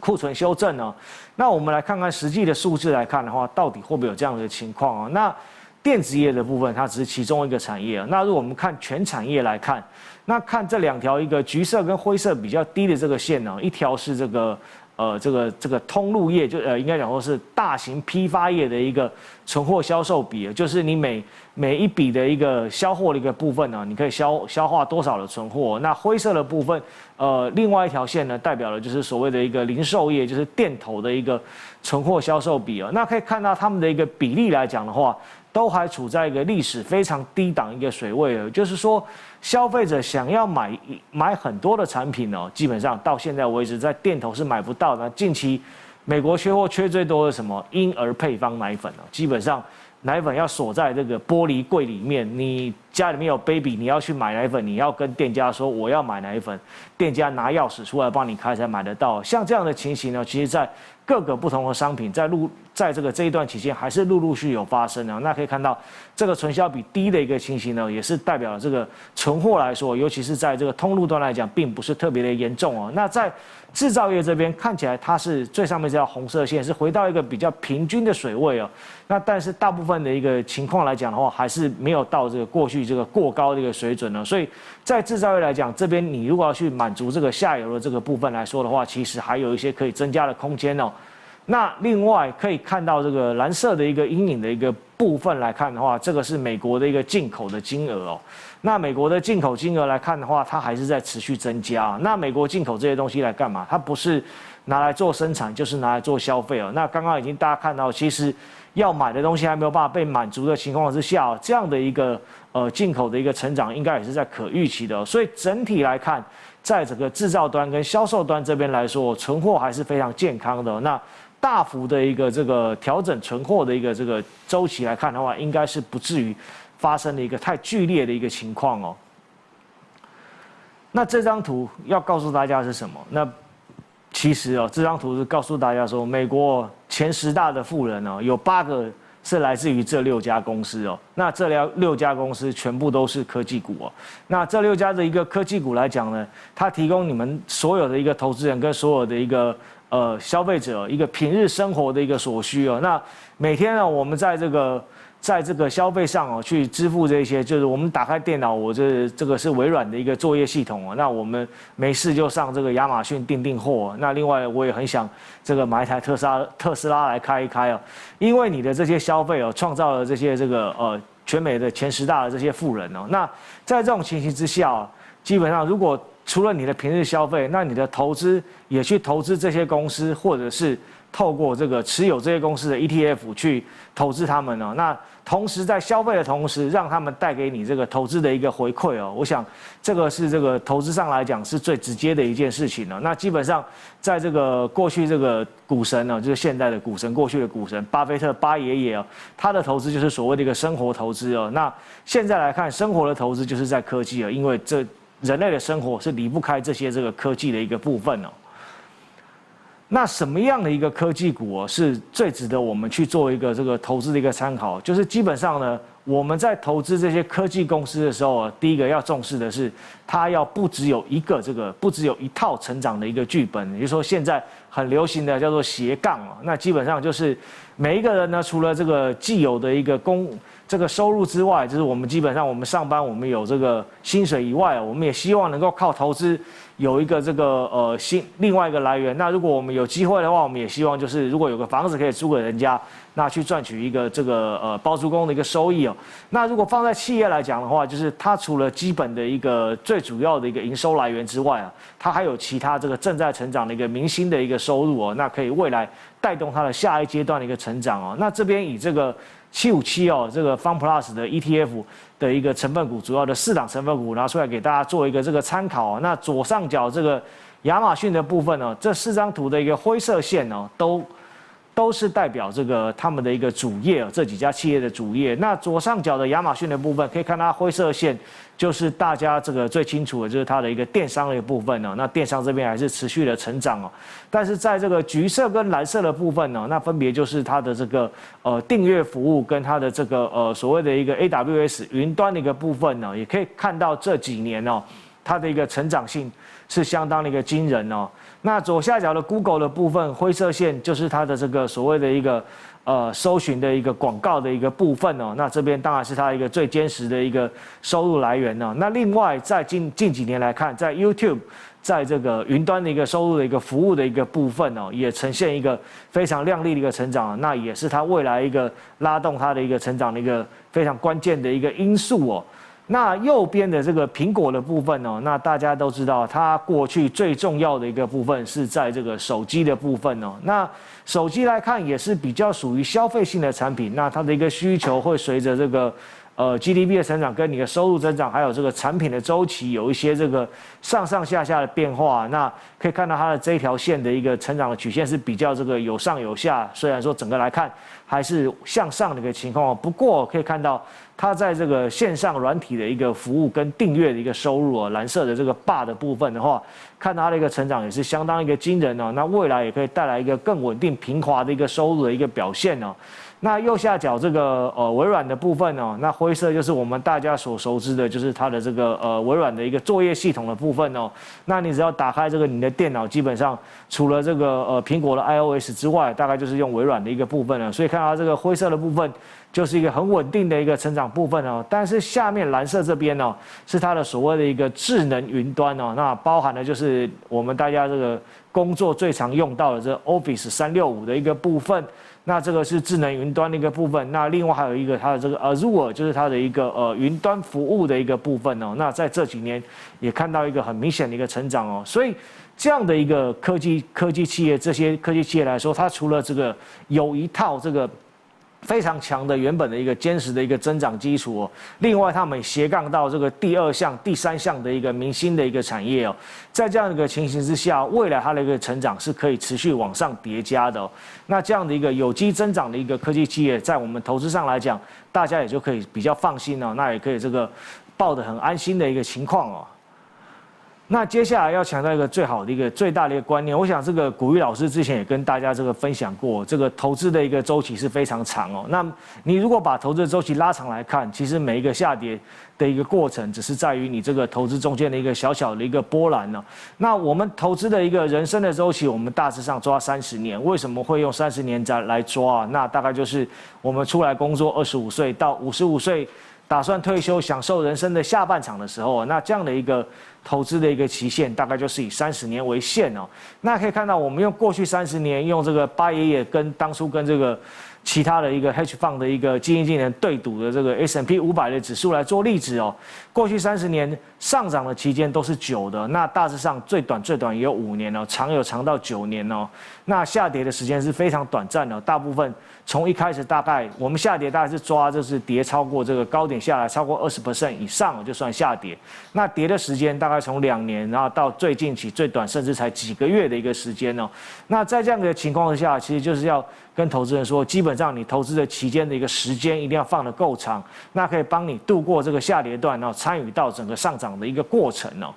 庫存修正哦。那我們來看看實際的數字來看的話，到底會不會有這樣的情況啊？那電子業的部分它只是其中一個產業，那如果我們看全產業來看。那看這兩條，一個橘色跟灰色比較低的這個線呢、啊，一條是這個，呃，這個這個通路業，就呃，應該講說是大型批發業的一個存貨銷售比，就是你每每一筆的一個銷貨的一個部分呢、啊，你可以消消化多少的存貨。那灰色的部分，呃，另外一條線呢，代表了就是所謂的一個零售業，就是店頭的一個存貨銷售比。那可以看到它們的一個比例來講的話。都還處在一個歷史非常低檔一個水位了，就是說，消費者想要買買很多的產品哦，基本上到現在為止在店頭是買不到的。那近期，美國缺貨缺最多的什麼？嬰兒配方奶粉哦，基本上奶粉要鎖在這個玻璃櫃裡面。你家裡面有 baby，你要去買奶粉，你要跟店家說我要買奶粉，店家拿鑰匙出來幫你開才買得到。像這樣的情形呢，其實在。各個不同的商品在路在這個這一段期間還是陸陸續有發生的，那可以看到這個存銷比低的一個情形呢，也是代表這個存貨來說，尤其是在這個通路端來講，並不是特別的嚴重哦、喔。那在製造業這邊看起來，它是最上面這條紅色線是回到一個比較平均的水位哦、喔。那但是大部分的一個情況來講的話，還是沒有到這個過去這個過高的一個水準呢、喔，所以。在製造業來講，這邊你如果要去滿足這個下游的這個部分來說的話，其實還有一些可以增加的空間哦。那另外可以看到這個藍色的一個陰影的一個部分來看的話，這個是美國的一個進口的金額哦。那美國的進口金額來看的話，它還是在持續增加。那美國進口這些東西來幹嘛？它不是拿來做生產，就是拿來做消費哦。那剛剛已經大家看到，其實要買的東西還沒有辦法被滿足的情況之下，這樣的一個。呃，進口的一個成長應該也是在可預期的哦，所以整體來看，在整個製造端跟銷售端，這邊來說，存貨還是非常健康的哦。那大幅的一個這個調整存貨的一個這個週期來看的話，應該是不至於發生了一個太劇烈的一個情況哦。那這張圖要告訴大家是什麼？那其實哦，這張圖是告訴大家說，美國前十大的富人呢，有八個。是來自於這六家公司哦，那這六六家公司全部都是科技股哦。那這六家的一個科技股來講呢，它提供你們所有的一個投資人跟所有的一個呃消費者一個平日生活的一個所需哦。那每天呢，我們在這個。在這個消費上哦，去支付這些，就是我們打開電腦，我這、就是、這個是微軟的一個作業系統啊。那我們沒事就上這個亞馬遜訂訂貨。那另外我也很想這個買一台特斯拉特斯拉，來開一開哦。因為你的這些消費哦，創造了這些這個呃全美的前十大的這些富人哦。那在這種情形之下，基本上，如果除了你的平日消費，那你的投資也去投資這些公司，或者是透過這個持有這些公司的 ETF 去投資他們呢，那。同時，在消費的同時，讓他們帶給你這個投資的一個回饋哦。我想，這個是這個投資上來講是最直接的一件事情了、喔。那基本上，在這個過去這個股神呢、喔，就是現代的股神，過去的股神巴菲特巴爺爺哦，他的投資就是所謂的一個生活投資哦。那現在來看，生活的投資就是在科技了、喔，因為這人類的生活是離不開這些這個科技的一個部分哦、喔。那什麼樣的一個科技股是最值得我們去做一個這個投資的一個參考？就是基本上呢，我們在投資這些科技公司的時候，第一個要重視的是，它要不只有一個這個，不只有一套成長的一個劇本。也就是說現在很流行的叫做斜槓啊，那基本上就是每一個人呢，除了這個既有的一個工。這個收入之外，就是我們基本上我們上班，我們有這個薪水以外，我們也希望能夠靠投資有一個這個呃新另外一個來源。那如果我們有機會的話，我們也希望就是如果有個房子可以租給人家，那去賺取一個這個呃包租公的一個收益哦。那如果放在企業來講的話，就是它除了基本的一個最主要的一個營收來源之外啊，它還有其他這個正在成長的一個明星的一個收入哦，那可以未來帶動它的下一階段的一個成長哦。那這邊以這個。七五七哦，這個 FANG+ 的 ETF 的一個成分股，主要的四檔成分股拿出來給大家做一個這個參考。那左上角這個亞馬遜的部分呢、哦，這四張圖的一個灰色線呢、哦，都都是代表這個他們的一個主業、哦，這幾家企業的主業。那左上角的亞馬遜的部分，可以看它灰色線。就是大家這個最清楚的，就是它的一個電商的一個部分呢。那電商這邊還是持續的成長哦。但是在這個橘色跟藍色的部分呢，那分別就是它的這個呃訂閱服務跟它的這個呃所謂的一個 AWS 雲端的一個部分呢，也可以看到這幾年哦，它的一個成長性是相當的一個驚人哦。那左下角的 Google 的部分，灰色線就是它的這個所謂的一個。呃，搜尋的一個廣告的一個部分哦，那這邊當然是它一個最堅實的一個收入來源呢，哦。那另外，在近近幾年來看，在 YouTube，在這個雲端的一個收入的一個服務的一個部分哦，也呈現一個非常亮麗的一個成長，那也是它未來一個拉動它的一個成長的一個非常關鍵的一個因素哦。那右邊的這個蘋果的部分哦，那大家都知道，它過去最重要的一個部分是在這個手機的部分哦。那手機來看，也是比較屬於消費性的產品，那它的一個需求會隨着這個。呃，GDP 的成長跟你的收入增長，還有這個產品的周期，有一些這個上上下下的變化。那可以看到它的這一條線的一個成長的曲線是比較這個有上有下。雖然說整個來看還是向上的一個情況，不過可以看到它在這個線上軟體的一個服務跟訂閱的一個收入哦，藍色的這個 bar 的部分的話，看到它的一個成長也是相當一個驚人哦。那未來也可以帶來一個更穩定平滑的一個收入的一個表現哦。那右下角這個呃微軟的部分哦，那灰色就是我們大家所熟知的，就是它的這個呃微軟的一個作業系統的部分哦。那你只要打開這個你的電腦，基本上除了這個呃蘋果的 iOS 之外，大概就是用微軟的一個部分了。所以看到這個灰色的部分，就是一個很穩定的一個成長部分哦。但是下面藍色這邊呢、哦，是它的所謂的一個智能雲端哦，那包含的就是我們大家這個工作最常用到的這個 Office 三六五的一個部分。那這個是智能雲端的一個部分，那另外還有一個它的這個呃 Azure，就是它的一個呃雲端服務的一個部分哦。那在這幾年也看到一個很明顯的一個成長哦。所以這樣的一個科技科技企業，這些科技企業來說，它除了這個有一套這個，非常強的原本的一個堅實的一個增長基礎哦，另外他們斜槓到這個第二項、第三項的一個明星的一個產業哦，在這樣的一個情形之下，未來它的一個成長是可以持續往上疊加的哦。那這樣的一個有機增長的一個科技企業，在我們投資上來講，大家也就可以比較放心了，那也可以這個抱得很安心的一個情況哦。那接下來要強調一個最好的一個最大的一個觀念，我想這個股魚老師之前也跟大家這個分享過，這個投資的一個週期是非常長哦。那你如果把投資的週期拉長來看，其實每一個下跌的一個過程，只是在於你這個投資中間的一個小小的一個波瀾呢啊。那我們投資的一個人生的週期，我們大致上抓三十年。為什麼會用三十年再來抓？那大概就是我們出來工作二十五歲到五十五歲，打算退休享受人生的下半場的時候，那這樣的一個投資的一個期限，大概就是以三十年為限哦啊。那可以看到，我們用過去三十年，用這個八爺爺跟當初跟這個。其他的一個 Hedge Fund 的一個基金經理對賭的這個 S and P 五百的指數來做例子哦，過去三十年上漲的期間都是久的，那大致上最短最短也有五年哦，長有長到九年哦。那下跌的時間是非常短暫的，大部分從一開始大概我們下跌大概是抓，就是跌超過這個高點下來超過二十%以上就算下跌。那跌的時間大概從兩年，然後到最近起最短甚至才幾個月的一個時間呢。那在這樣的情況下，其實就是要跟投資人說，基本上你投資的期間的一個時間一定要放得夠長，那可以幫你度過這個下跌段，然後參與到整個上漲的一個過程哦。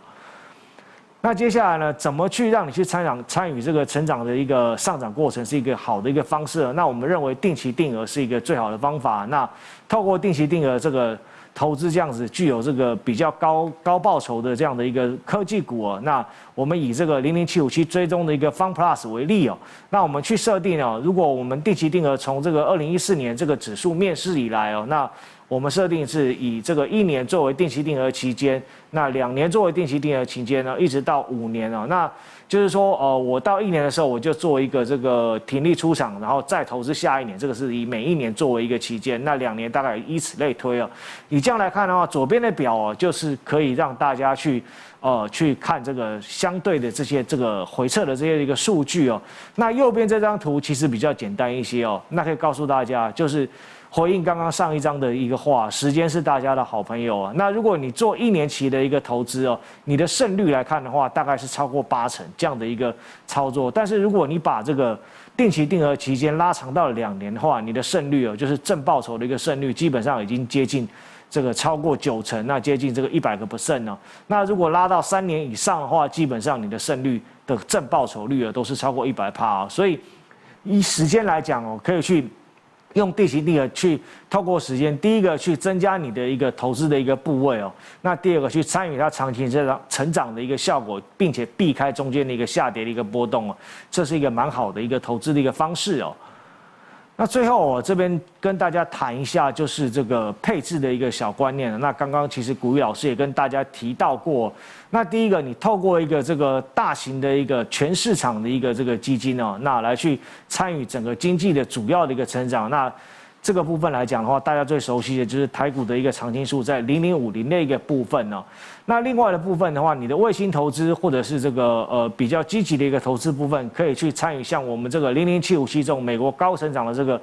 那接下來呢，怎麼去讓你去參漲、參與這個成長的一個上漲過程，是一個好的一個方式。那我們認為定期定額是一個最好的方法。那透過定期定額這個投資，這樣子具有這個比較高高報酬的這樣的一個科技股，那我們以這個零零七五七追蹤的一個 FANG+ 為例哦，那我們去設定哦，如果我們定期定額從這個二零一四年這個指數面世以來哦，那我們設定是以這個一年作為定期定額期間，那兩年作為定期定額期間呢，一直到五年哦，那就是說，呃，我到一年的時候我就做一個這個停利出場，然後再投資下一年，這個是以每一年作為一個期間，那兩年大概以此類推哦，以這樣來看的話，左邊的表哦，就是可以讓大家去，呃，去看這個相對的這些這個回撤的這些一個數據哦。那右邊這張圖其實比較簡單一些哦，那可以告訴大家就是。回應剛剛上一章的一個話，時間是大家的好朋友啊。那如果你做一年期的一個投資哦，你的勝率來看的話，大概是超過八成這樣的一個操作。但是如果你把這個定期定額期間拉長到了兩年的話，你的勝率哦，就是正報酬的一個勝率，基本上已經接近這個超過九成，那接近這個一百個不勝呢。那如果拉到三年以上的話，基本上你的勝率的正報酬率啊，都是超過一百趴。所以以時間來講哦，可以去。用定期定額去透過時間，第一個去增加你的一個投資的一個部位哦、喔，那第二個去參與它長期成長成長的一個效果，並且避開中間的一個下跌的一個波動哦、喔，這是一個蠻好的一個投資的一個方式哦、喔。那最後我這邊跟大家談一下，就是這個配置的一個小觀念。那剛剛其實股魚老師也跟大家提到過，那第一個，你透過一個這個大型的一個全市場的一個這個基金呢，那來去參與整個經濟的主要的一個成長，那。這個部分來講的話，大家最熟悉的就是台股的一個常青樹，在零零五零的一個部分呢、哦。那另外的部分的話，你的衛星投資或者是這個呃比較積極的一個投資部分，可以去參與像我們這個零零七五七這種美國高成長的這個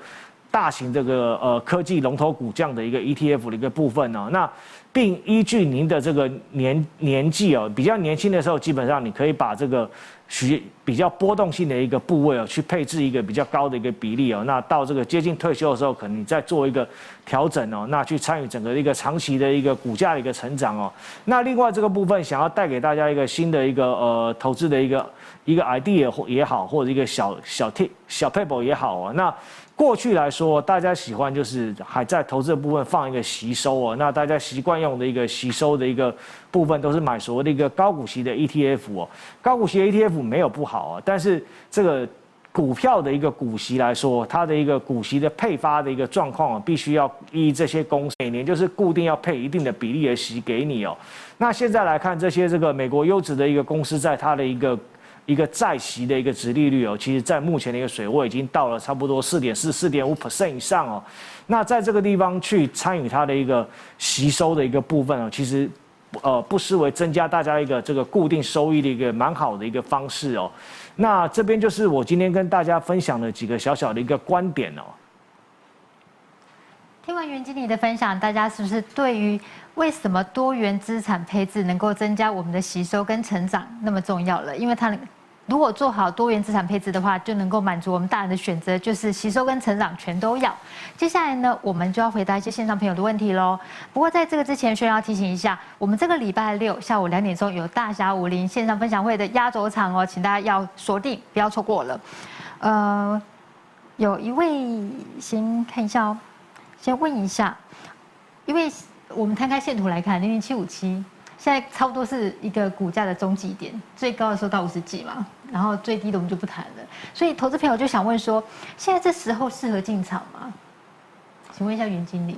大型這個呃科技龍頭股這樣的一個 ETF 的一個部分呢、哦。那並依據您的這個年年紀哦，比較年輕的時候，基本上你可以把這個。取比較波動性的一個部位哦、喔，去配置一個比較高的一個比例哦、喔，那到這個接近退休的時候，可能你再做一個調整哦、喔，那去參與整個一個長期的一個股價的一個成長哦、喔。那另外這個部分想要帶給大家一個新的一個呃投資的一個一個 idea 或也好，或者一個小小 tip 小 paper 也好哦、喔，那。過去來說，大家喜歡就是還在投資的部分放一個息收哦，那大家習慣用的一個息收的一個部分，都是買所謂的一個高股息的 ETF 哦。高股息的 ETF 沒有不好啊、哦，但是這個股票的一個股息來說，它的一個股息的配發的一個狀況、哦、必須要依這些公司每年就是固定要配一定的比例的息給你哦。那現在來看這些這個美國優質的一個公司，在它的一個。一個在息的一個殖利率哦，其實在目前的一個水位已經到了差不多四點四、四點五 percent 以上哦。那在這個地方去參與它的一個吸收的一個部分哦，其實不，呃，不失為增加大家一個這個固定收益的一個蠻好的一個方式哦。那這邊就是我今天跟大家分享的幾個小小的一個觀點哦。聽完袁經理的分享，大家是不是對於？為什麼多元資產配置能夠增加我們的息收跟成長那麼重要了？因為它如果做好多元資產配置的話，就能夠滿足我們大人的選擇，就是息收跟成長全都要。接下來呢，我們就要回答一些線上朋友的問題嘍。不過在這個之前，需要提醒一下，我們這個禮拜六下午兩點鐘有大俠武林線上分享會的壓軸場哦，請大家要鎖定，不要錯過了。呃，有一位先看一下哦，先問一下，一位。我們攤開線圖來看，零零七五七現在差不多是一個股價的中繼點，最高的時候到五十幾嘛，然後最低的我們就不談了。所以投資朋友就想問說，現在這時候適合進場嗎？請問一下袁經理。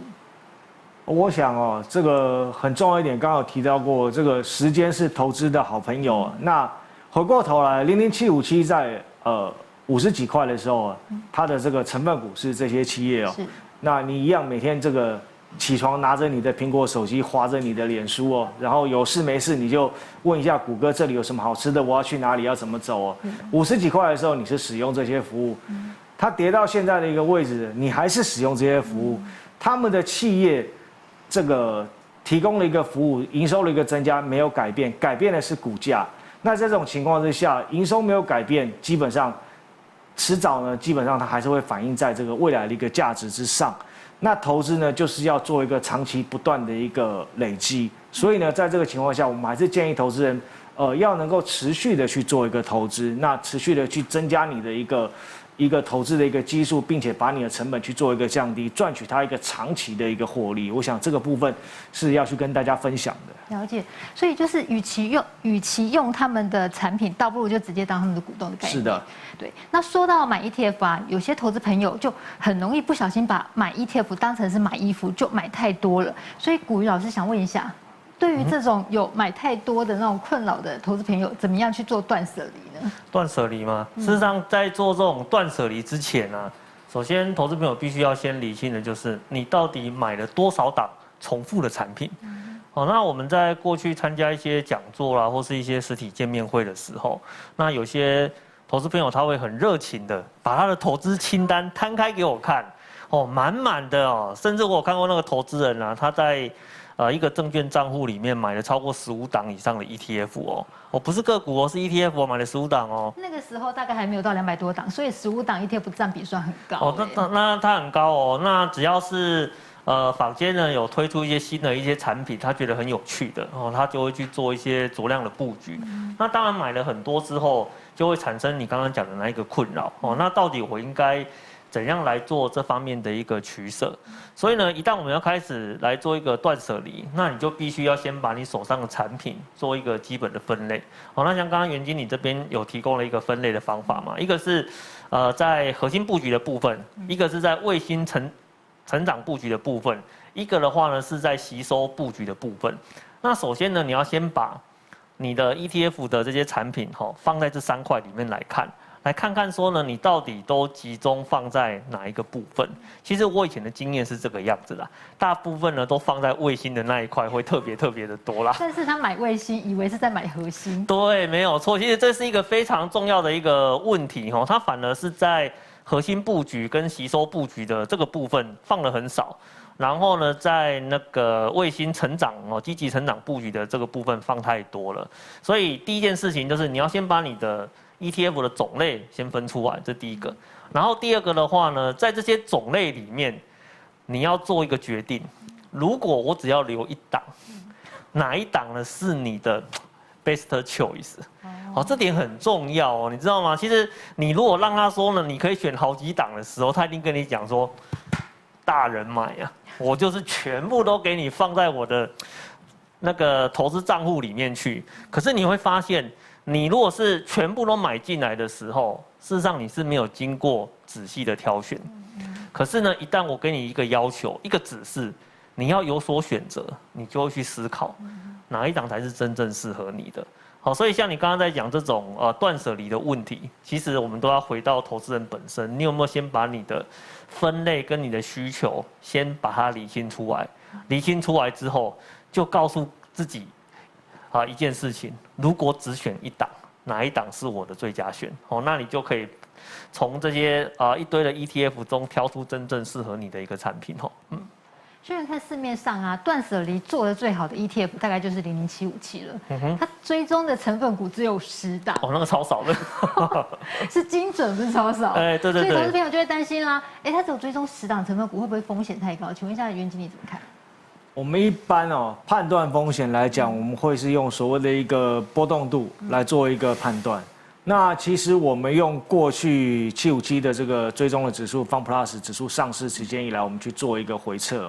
我想哦，這個很重要一點，剛剛有提到過，這個時間是投資的好朋友。那回過頭來，零零七五七在呃五十幾塊的時候啊，它的這個成分股是這些企業哦。那你一樣每天這個。起床拿着你的蘋果手機滑着你的臉書哦，然後有事沒事你就問一下谷歌，這裡有什麼好吃的，我要去哪裡要怎麼走哦。五十幾塊的時候你是使用這些服務，它跌到現在的一個位置，你還是使用這些服務，他們的企業這個提供了一個服務，營收的一個增加沒有改變，改變的是股價。那這種情況之下，營收沒有改變，基本上遲早呢，基本上它還是會反映在這個未來的一個價值之上。那投資呢，就是要做一個長期不斷的一個累積。所以呢，在這個情況下，我們還是建議投資人，呃，要能夠持續的去做一個投資，那持續的去增加你的一個。一個投資的一個基數，並且把你的成本去做一個降低，賺取它一個長期的一個獲利。我想這個部分是要去跟大家分享的。了解，所以就是與其用與其用他們的產品，倒不如就直接當他們的股東的概念。是的，對。那說到買 ETF 啊，有些投資朋友就很容易不小心把買 ETF 當成是買衣服，就買太多了。所以股魚老師想問一下。對於這種有買太多的那種困擾的投資朋友，怎麼樣去做斷捨離呢？斷捨離嗎？事實上，在做這種斷捨離之前呢、啊，首先投資朋友必須要先理清的，就是你到底買了多少檔重複的產品。哦、嗯，那我們在過去參加一些講座啦，或是一些實體見面會的時候，那有些投資朋友他會很熱情的把他的投資清單攤開給我看，哦，滿滿的哦，甚至我有看過那個投資人啊，他在。呃，一個證券賬戶裡面買了超過十五檔以上的 ETF 哦，我、哦、不是個股哦，是 ETF，我、哦、買了十五檔哦。那個時候大概還沒有到兩百多檔，所以十五檔 ETF 占比算很高，欸。哦，那那它很高哦。那只要是呃坊間呢有推出一些新的一些產品，他覺得很有趣的哦，他就會去做一些酌量的布局，嗯。那當然買了很多之後，就會產生你剛剛講的那一個困擾哦。那到底我應該怎樣來做這方面的一個取捨？所以呢，一旦我們要開始來做一個斷舍離，那你就必須要先把你手上的產品做一個基本的分類。好，那像剛剛袁經理這邊有提供了一個分類的方法嘛？一個是，呃，在核心布局的部分；一個是在衛星成成長布局的部分；一個的話呢是在息收布局的部分。那首先呢，你要先把你的 ETF 的這些產品哈、哦，放在這三塊裡面來看。來看看說呢，你到底都集中放在哪一個部分？其實我以前的經驗是這個樣子啦，大部分呢都放在衛星的那一塊會特別特別的多啦。但是他買衛星，以為是在買核心。對，沒有錯。其實這是一個非常重要的一個問題哦，他反而是在核心布局跟息收布局的這個部分放得很少，然後呢，在那個衛星成長哦，積極成長布局的這個部分放太多了。所以第一件事情就是你要先把你的。ETF 的種類先分出來，這第一個、嗯。然後第二個的話呢，在這些種類裡面，你要做一個決定。如果我只要留一檔、嗯，哪一檔呢？是你的 best choice、嗯。哦，這點很重要哦，你知道嗎？其實你如果讓他說呢，你可以選好幾檔的時候，他一定跟你講說，大人買啊，我就是全部都給你放在我的那個投資賬戶裡面去。可是你會發現。你如果是全部都買進來的時候，事實上你是沒有經過仔細的挑選。可是呢，一旦我給你一個要求、一個指示，你要有所選擇，你就會去思考哪一檔才是真正適合你的。好，所以像你剛剛在講這種呃斷舍離的問題，其實我們都要回到投資人本身。你有沒有先把你的分類跟你的需求先把它理清出來？理清出來之後，就告訴自己。啊，一件事情，如果只選一檔，哪一檔是我的最佳選？那你就可以從這些啊一堆的 ETF 中挑出真正適合你的一個產品哦。嗯，雖然看市面上啊，斷捨離做的最好的 ETF 大概就是零零七五七了，它、嗯、追蹤的成分股只有十檔。哦，那個超少的， [laughs] [laughs] 是精準不是超少？哎、欸，所以投資朋友就會擔心啦、啊，哎、欸，它只有追蹤十檔成分股，會不會風險太高？請問一下袁經理怎麼看？我們一般哦，判斷風險來講，我們會是用所謂的一個波動度來做一個判斷。嗯、那其實我們用過去七五七的這個追蹤的指數 FANG+ 指數上市時間以來，我們去做一個回測。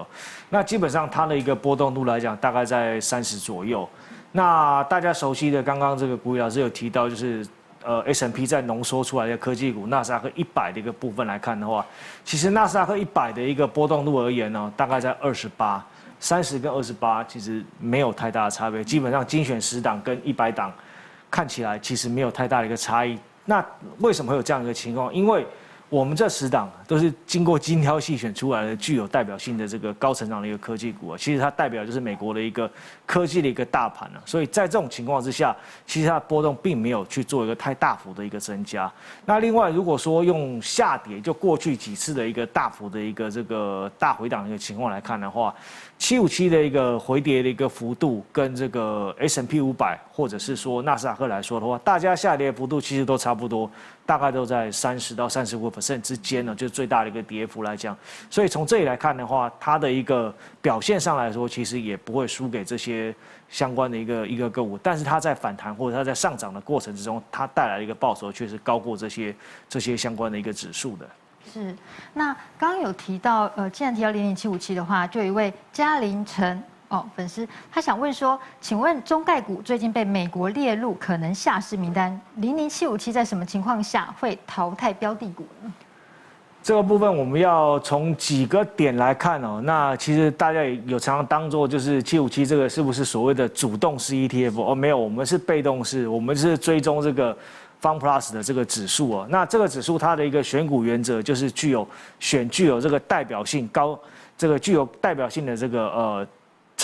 那基本上它的一個波動度來講，大概在三十左右、嗯。那大家熟悉的，剛剛這個股魚老師有提到，就是呃 S&P 在濃縮出來的科技股，納斯達克一百的一個部分來看的話，其實納斯達克一百的一個波動度而言呢、哦，大概在二十八。三十跟二十八其實沒有太大的差別，基本上精選十檔跟一百檔看起來其實沒有太大的一個差異。那為什麼會有這樣一個情況？因為我們這十檔。都是經過精挑細選出來的，具有代表性的這個高成長的一個科技股啊，其實它代表就是美國的一個科技的一個大盤啊，所以在這種情況之下，其實它的波動並沒有去做一個太大幅的一個增加。那另外，如果說用下跌就過去幾次的一個大幅的一個這個大回檔的一個情況來看的話，七五七的一個回跌的一個幅度跟這個 S and P 五百或者是說納斯達克來說的話，大家下跌的幅度其實都差不多，大概都在三十到三十五 percent 之間呢，就，最大的一個跌幅來講，所以從這裡來看的話，它的一個表現上來說，其實也不會輸給這些相關的一個一個個股。但是它在反彈或者它在上漲的過程之中，它帶來的一個報酬確實高過這些這些相關的一個指數的。是。那剛剛有提到，呃，既然提到零零七五七的話，就有一位嘉陵城哦粉絲，他想問說，請問中概股最近被美國列入可能下市名單，零零七五七在什麼情況下會淘汰標的股呢？這個部分我們要從幾個點來看哦。那其實大家也有常常當做就是七五七這個是不是所謂的主動式 ETF 哦？沒有，我們是被動式，我們是追蹤這個 FANG+ 的這個指數哦。那這個指數它的一個選股原則就是具有選具有這個代表性高，這個具有代表性的這個呃。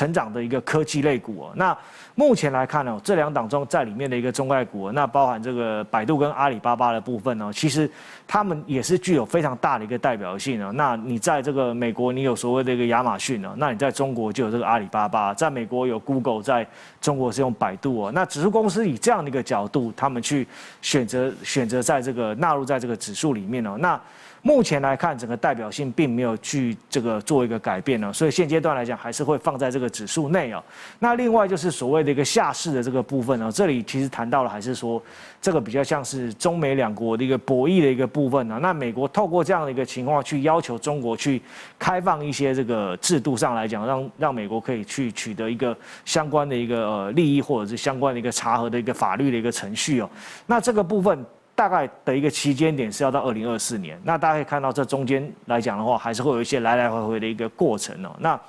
成長的一個科技類股，那目前來看呢，這兩檔中在裡面的一個中概股，那包含這個百度跟阿里巴巴的部分呢，其實他們也是具有非常大的一個代表性啊。那你在這個美國，你有所謂的一個亞馬遜啊，那你在中國就有這個阿里巴巴，在美國有 Google，在中國是用百度。那指數公司以這樣的一個角度，他們去選擇選擇在這個納入在這個指數裡面那。目前來看，整個代表性並沒有去這個做一個改變呢、啊，所以現階段來講，還是會放在這個指數內哦。那另外就是所謂的一個下市的這個部分呢、啊，這裡其實談到了，還是說這個比較像是中美兩國的一個博弈的一個部分呢、啊。那美國透過這樣的一個情況去要求中國去開放一些這個制度上來講，讓讓美國可以去取得一個相關的一個、呃、利益，或者是相關的一個查核的一個法律的一個程序哦、啊。那這個部分。大概的一個期間點是要到二零二四年，那大家可以看到，這中間來講的話，還是會有一些來來回回的一個過程哦。那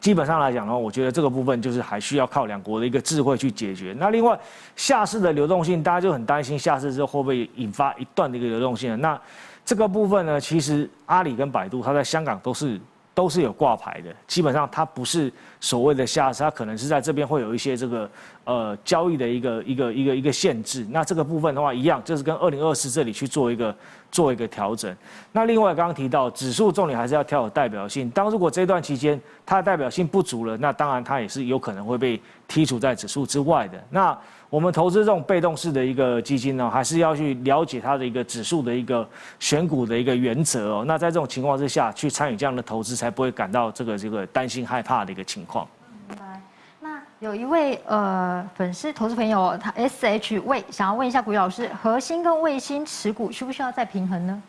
基本上來講的話，我覺得這個部分就是還需要靠兩國的一個智慧去解決。那另外，下市的流動性，大家就很擔心下市之後會不會引發一段的一個流動性。那這個部分呢，其實阿里跟百度，它在香港都是。都是有掛牌的，基本上它不是所謂的下市，它可能是在這邊會有一些這個呃交易的一個一個一個一個限制。那這個部分的話，一樣就是跟二零二四這裡去做一個做一個調整。那另外剛剛提到指數重點還是要挑有代表性，當如果這段期間它的代表性不足了，那當然它也是有可能會被剔除在指數之外的。那。我們投資這種被動式的一個基金呢、哦，還是要去了解它的一個指數的一個選股的一個原則哦。那在這種情況之下去參與這樣的投資，才不會感到這個這個擔心害怕的一個情況、嗯。明白。那有一位呃粉絲投資朋友，他 SH 位想要問一下股魚老師，核心跟衛星持股需不需要再平衡呢？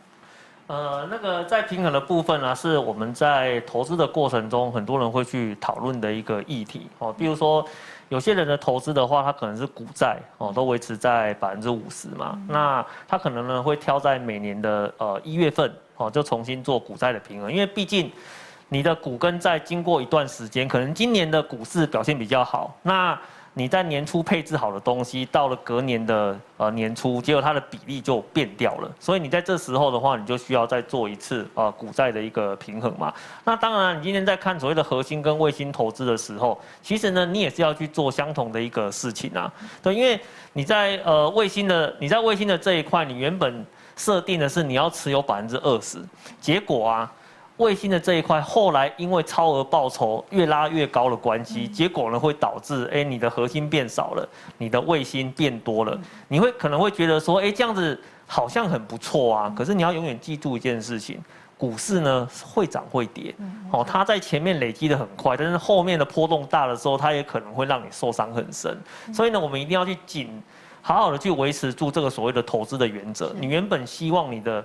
呃，那個再平衡的部分呢、啊，是我們在投資的過程中，很多人會去討論的一個議題哦，比如說。嗯有些人的投資的話，他可能是股債哦，都維持在百分之五十嘛。那他可能呢，會挑在每年的呃一月份哦，就重新做股債的平衡，因為畢竟，你的股跟債經過一段時間，可能今年的股市表現比較好。那你在年初配置好的東西，到了隔年的呃年初，結果它的比例就變掉了。所以你在這時候的話，你就需要再做一次啊、呃、股債的一個平衡嘛。那當然、啊，你今天在看所謂的核心跟衛星投資的時候，其實呢，你也是要去做相同的一個事情啊。對，因為你在呃衛星的你在衛星的這一塊，你原本設定的是你要持有百分之二十，結果啊。衛星的這一塊，後來因為超額報酬越拉越高的關係，結果呢會導致，誒、欸，你的核心變少了，你的衛星變多了，你會可能會覺得說，誒、欸，這樣子好像很不錯啊。可是你要永遠記住一件事情，股市呢會漲會跌，哦，它在前面累積得很快，但是後面的波動大的時候，它也可能會讓你受傷很深。所以呢，我們一定要去緊，好好的去維持住這個所謂的投資的原則。你原本希望你的。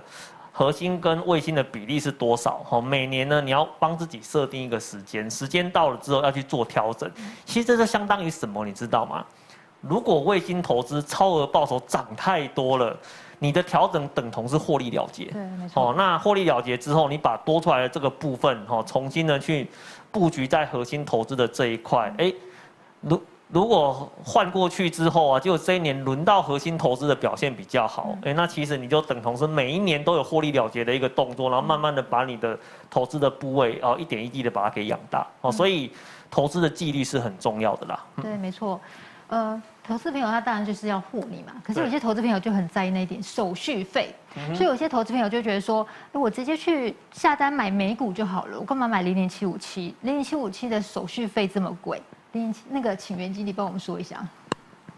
核心跟衛星的比例是多少？哈，每年呢，你要幫自己設定一個時間，時間到了之後要去做調整。其實這相當於什麼，你知道嗎？如果衛星投資超額報酬漲太多了，你的調整等同是獲利了結。對，沒錯。那獲利了結之後，你把多出來的這個部分哈，重新呢去布局在核心投資的這一塊。哎、欸，如。如果換過去之後啊，就這一年輪到核心投資的表現比較好，哎、嗯欸，那其實你就等同是每一年都有獲利了結的一個動作，然後慢慢的把你的投資的部位啊、哦、一點一滴的把它給養大、嗯、哦，所以投資的紀律是很重要的啦。嗯、對，沒錯，呃，投資朋友他當然就是要護你嘛，可是有些投資朋友就很在意那一點手續費、嗯，所以有些投資朋友就覺得說，我直接去下單買美股就好了，我幹嘛買 00757？00757 的手續費這麼貴？那個，請袁經理幫我們說一下。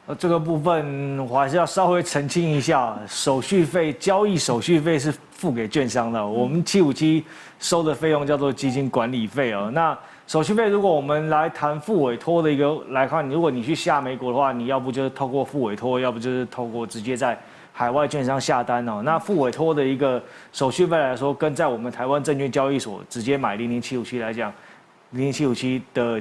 呃，這個部分我還是要稍微澄清一下，手續費交易手續費是付給券商的，我們七五七收的費用叫做基金管理費哦。那手續費，如果我們來談複委託的一個來看，如果你去下美國的話，你要不就是透過複委託，要不就是透過直接在海外券商下單哦。那複委託的一個手續費來說，跟在我們台灣證券交易所直接買零零七五七來講，零零七五七的。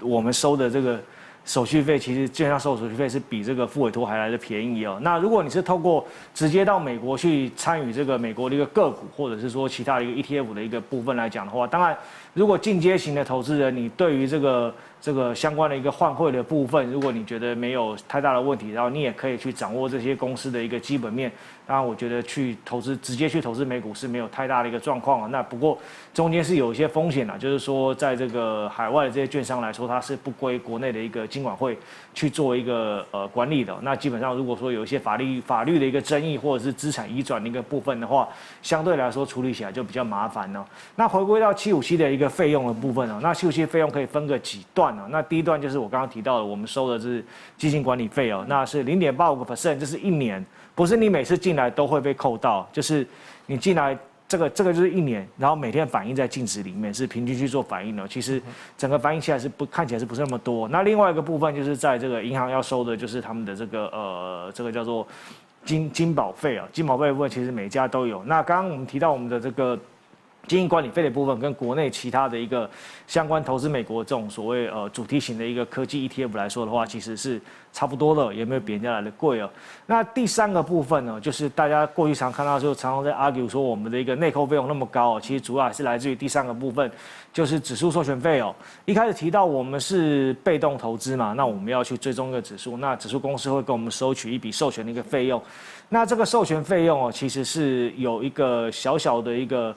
我們收的這個手續費，其實券商收手續費是比這個複委託還來得便宜哦。那如果你是透過直接到美國去參與這個美國的一個個股，或者是說其他的一個 ETF 的一個部分來講的話，當然，如果進階型的投資人，你對於這個這個相關的一個換匯的部分，如果你覺得沒有太大的問題，然後你也可以去掌握這些公司的一個基本面。當然，我覺得去投資直接去投資美股是沒有太大的一個狀況啊。那不過中間是有一些風險的、啊，就是說在這個海外的這些券商來說，它是不歸國內的一個金管會去做一個呃管理的、啊。那基本上如果說有一些法律法律的一個爭議或者是資產移轉的一個部分的話，相對來說處理起來就比較麻煩哦、啊、那回歸到七五七的一個費用的部分哦、啊，那七五七費用可以分個幾段哦、啊。那第一段就是我剛剛提到的，我們收的是基金管理費哦、啊，那是零點八五個 percent，這是一年。不是你每次進來都會被扣到，就是你進來這個這個就是一年，然後每天反映在淨值裡面是平均去做反應的。其實整個反應起來是不看起來是不是那麼多？那另外一個部分就是在這個銀行要收的就是他們的這個呃這個叫做金金保費啊，金保費，金保費的部分其實每家都有。那剛剛我們提到我們的這個。經營管理費的部分跟國內其他的一個相關投資美國這種所謂呃主題型的一個科技 ETF 來說的話，其實是差不多的，也沒有比人家來的貴啊、哦。那第三個部分呢，就是大家過去常看到就常常在 argue 說我們的一個內扣費用那麼高哦，其實主要還是來自於第三個部分，就是指數授權費哦。一開始提到我們是被動投資嘛，那我們要去追蹤一個指數，那指數公司會跟我們收取一筆授權的一個費用，那這個授權費用哦，其實是有一個小小的一個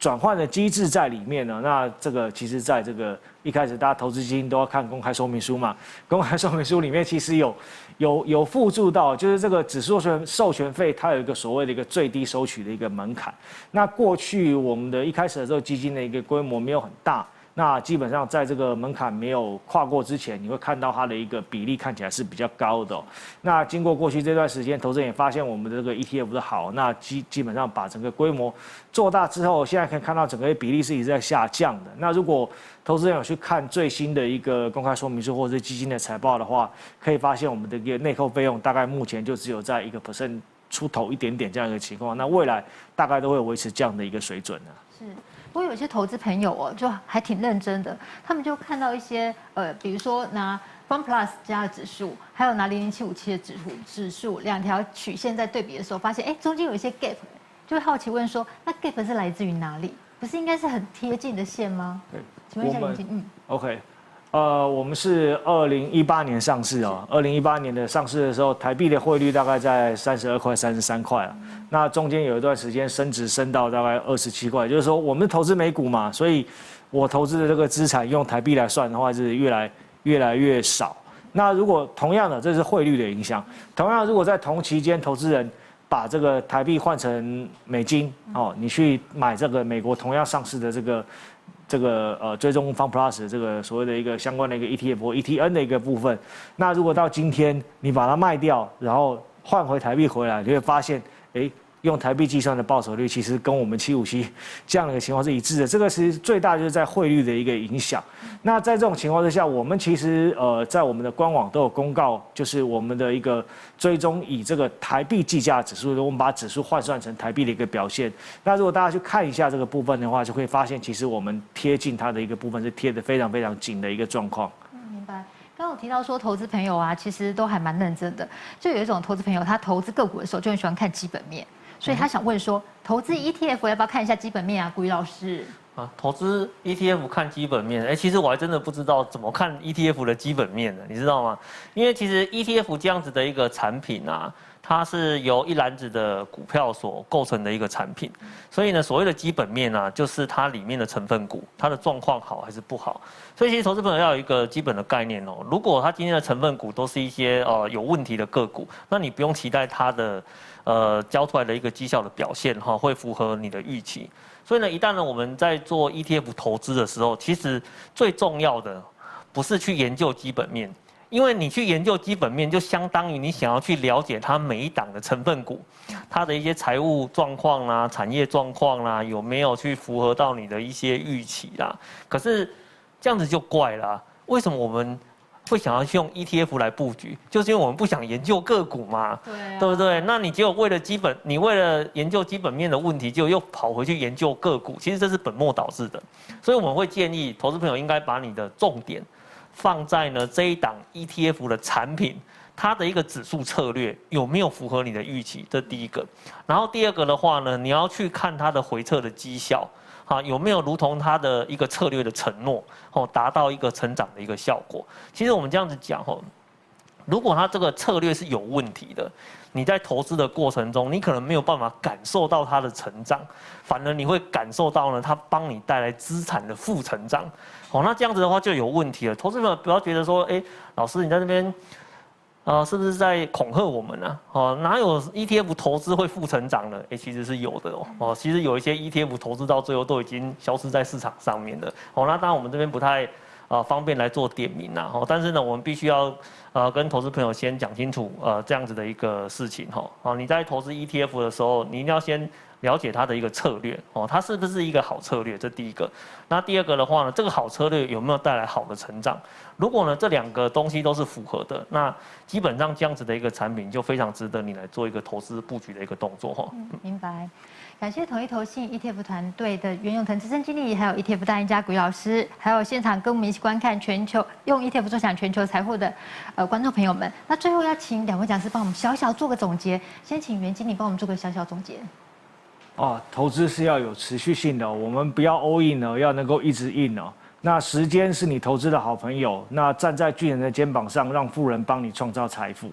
轉換的機制在裡面呢，那這個其實在這個一開始，大家投資基金都要看公開說明書嘛。公開說明書裡面其實有，有有附注到，就是這個指數權授權費，權它有一個所謂的一個最低收取的一個門檻。那過去我們的一開始的時候，基金的一個規模沒有很大。那基本上在這個門檻沒有跨過之前，你會看到它的一個比例看起來是比較高的哦。那經過過去這段時間，投資人也發現我們的這個 ETF 的好，那基基本上把整個規模做大之後，現在可以看到整個比例是一直在下降的。那如果投資人有去看最新的一個公開說明書或者是基金的財報的話，可以發現我們的一個內扣費用大概目前就只有在一個 percent 出頭一點點這樣一個情況。那未來大概都會維持這樣的一個水準呢？是。我有些投資朋友哦，就還挺認真的。他們就看到一些呃，比如說拿 FANG Plus 加的指數，還有拿零零七五七的指數指數，兩條曲線在對比的時候，發現哎、欸，中間有一些 gap，就會好奇問說，那 gap 是來自於哪裡？不是應該是很貼近的線嗎？對、okay,，請問一下林靜，嗯，OK。呃，我們是二零一八年上市哦，二零一八年的上市的時候，台幣的匯率大概在三十二塊、三十三塊啊，那中間有一段時間升值升到大概二十七塊，就是說我們投資美股嘛，所以我投資的這個資產用台幣來算的話，是越來越來越少。那如果同樣的，這是匯率的影響。同樣，如果在同期間，投資人把這個台幣換成美金哦，你去買這個美國同樣上市的這個。這個呃，追蹤 FANG+ 這個所謂的一個相關的一個 ETF 或 ETN 的一個部分，那如果到今天你把它賣掉，然後換回台幣回來，你會發現，哎。用台幣計算的報酬率，其實跟我們七五七，這樣的一個情況是一致的。這個其實最大就是在匯率的一個影響。那在這種情況之下，我們其實呃在我們的官網都有公告，就是我們的一個追蹤以這個台幣計價指數，我們把指數換算成台幣的一個表現。那如果大家去看一下這個部分的話，就會發現其實我們貼近它的一個部分是貼得非常非常緊的一個狀況。嗯。明白。剛剛我提到說投資朋友啊，其實都還蠻認真的。就有一種投資朋友，他投資個股的時候就很喜歡看基本面。所以他想問說，投資 ETF 要不要看一下基本面啊，股魚老師？啊，投資 ETF 看基本面，哎、欸，其實我還真的不知道怎麼看 ETF 的基本面呢，你知道嗎？因為其實 ETF 這樣子的一個產品啊。它是由一籃子的股票所構成的一個產品，嗯、所以呢，所謂的基本面呢、啊，就是它裡面的成分股，它的狀況好還是不好。所以，其實投資朋友要有一個基本的概念哦。如果它今天的成分股都是一些呃有問題的個股，那你不用期待它的呃交出來的一個績效的表現哈、哦、會符合你的預期。所以呢，一旦呢我們在做 ETF 投資的時候，其實最重要的不是去研究基本面。因為你去研究基本面，就相當於你想要去了解它每一檔的成分股，它的一些財務狀況啦、啊、產業狀況啦、啊，有沒有去符合到你的一些預期啦。可是這樣子就怪啦，為什麼我們會想要去用 ETF 來布局？就是因為我們不想研究個股嘛，對、啊、對不對？那你就為了基本，你為了研究基本面的問題，就又跑回去研究個股。其實這是本末倒置的，所以我們會建議投資朋友應該把你的重點。放在呢這一檔 ETF 的產品，它的一個指數策略有沒有符合你的預期？這第一個。然後第二個的話呢，你要去看它的回撤的績效，哈，有沒有如同它的一個策略的承諾哦，達到一個成長的一個效果。其實我們這樣子講哦，如果它這個策略是有問題的。你在投資的過程中，你可能沒有辦法感受到它的成長，反而你會感受到呢，它幫你帶來資產的負成長。哦，那這樣子的話就有問題了。投資者不要覺得說，哎、欸，老師你在這邊，啊、呃，是不是在恐嚇我們呢、啊？哦，哪有 ETF 投資會負成長呢？哎、欸，其實是有的哦。哦，其實有一些 ETF 投資到最後都已經消失在市場上面了。哦，那當然我們這邊不太。啊，方便來做點名然後，但是呢，我們必須要呃跟投資朋友先講清楚，呃，這樣子的一個事情，哈，啊，你在投資 ETF 的時候，你一定要先了解它的一個策略，哦，它是不是一個好策略？這第一個。那第二個的話呢，這個好策略有沒有帶來好的成長？如果呢，這兩個東西都是符合的，那基本上這樣子的一個產品就非常值得你來做一個投資布局的一個動作，哈，嗯，明白。感謝統一投信 ETF 團隊的袁永騰資深經理，還有 ETF 大贏家股魚老師，還有現場跟我們一起觀看全球用 ETF 坐享全球財富的呃觀眾朋友們。那最後要請兩位講師幫我們小小做個總結，先請袁經理幫我們做個小小總結。哦，投資是要有持續性的，我們不要 all in 哦，要能夠一直 in 哦。那時間是你投資的好朋友，那站在巨人的肩膀上，讓富人幫你創造財富。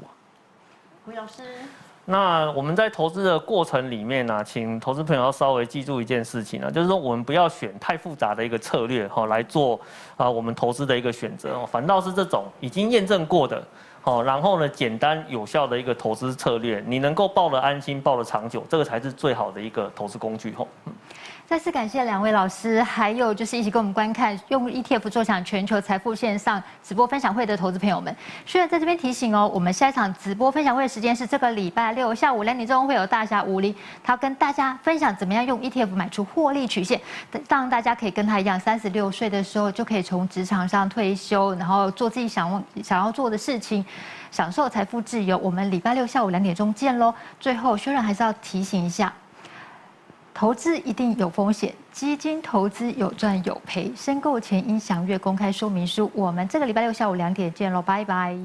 股魚老師。那我們在投資的過程裡面呢、啊，請投資朋友要稍微記住一件事情啊，就是說我們不要選太複雜的一個策略哈來做啊，我們投資的一個選擇哦，反倒是這種已經驗證過的，好，然後呢簡單有效的一個投資策略，你能夠抱得安心，抱得長久，這個才是最好的一個投資工具吼。嗯。再次感謝兩位老師，還有就是一起跟我們觀看用 ETF 坐享全球財富線上直播分享會的投資朋友們。雖然在這邊提醒哦，我們下一場直播分享會的時間是這個禮拜六下午兩點鐘，會有大俠武林，他要跟大家分享怎麼樣用 ETF 買出獲利曲線，讓大家可以跟他一樣，三十六歲的時候就可以從職場上退休，然後做自己想望想要做的事情，享受財富自由。我們禮拜六下午兩點鐘見嘍。最後，雖然還是要提醒一下。投資一定有風險，基金投資有賺有賠。申購前應詳閱公開說明書。我們這個禮拜六下午兩點見嘍，拜拜。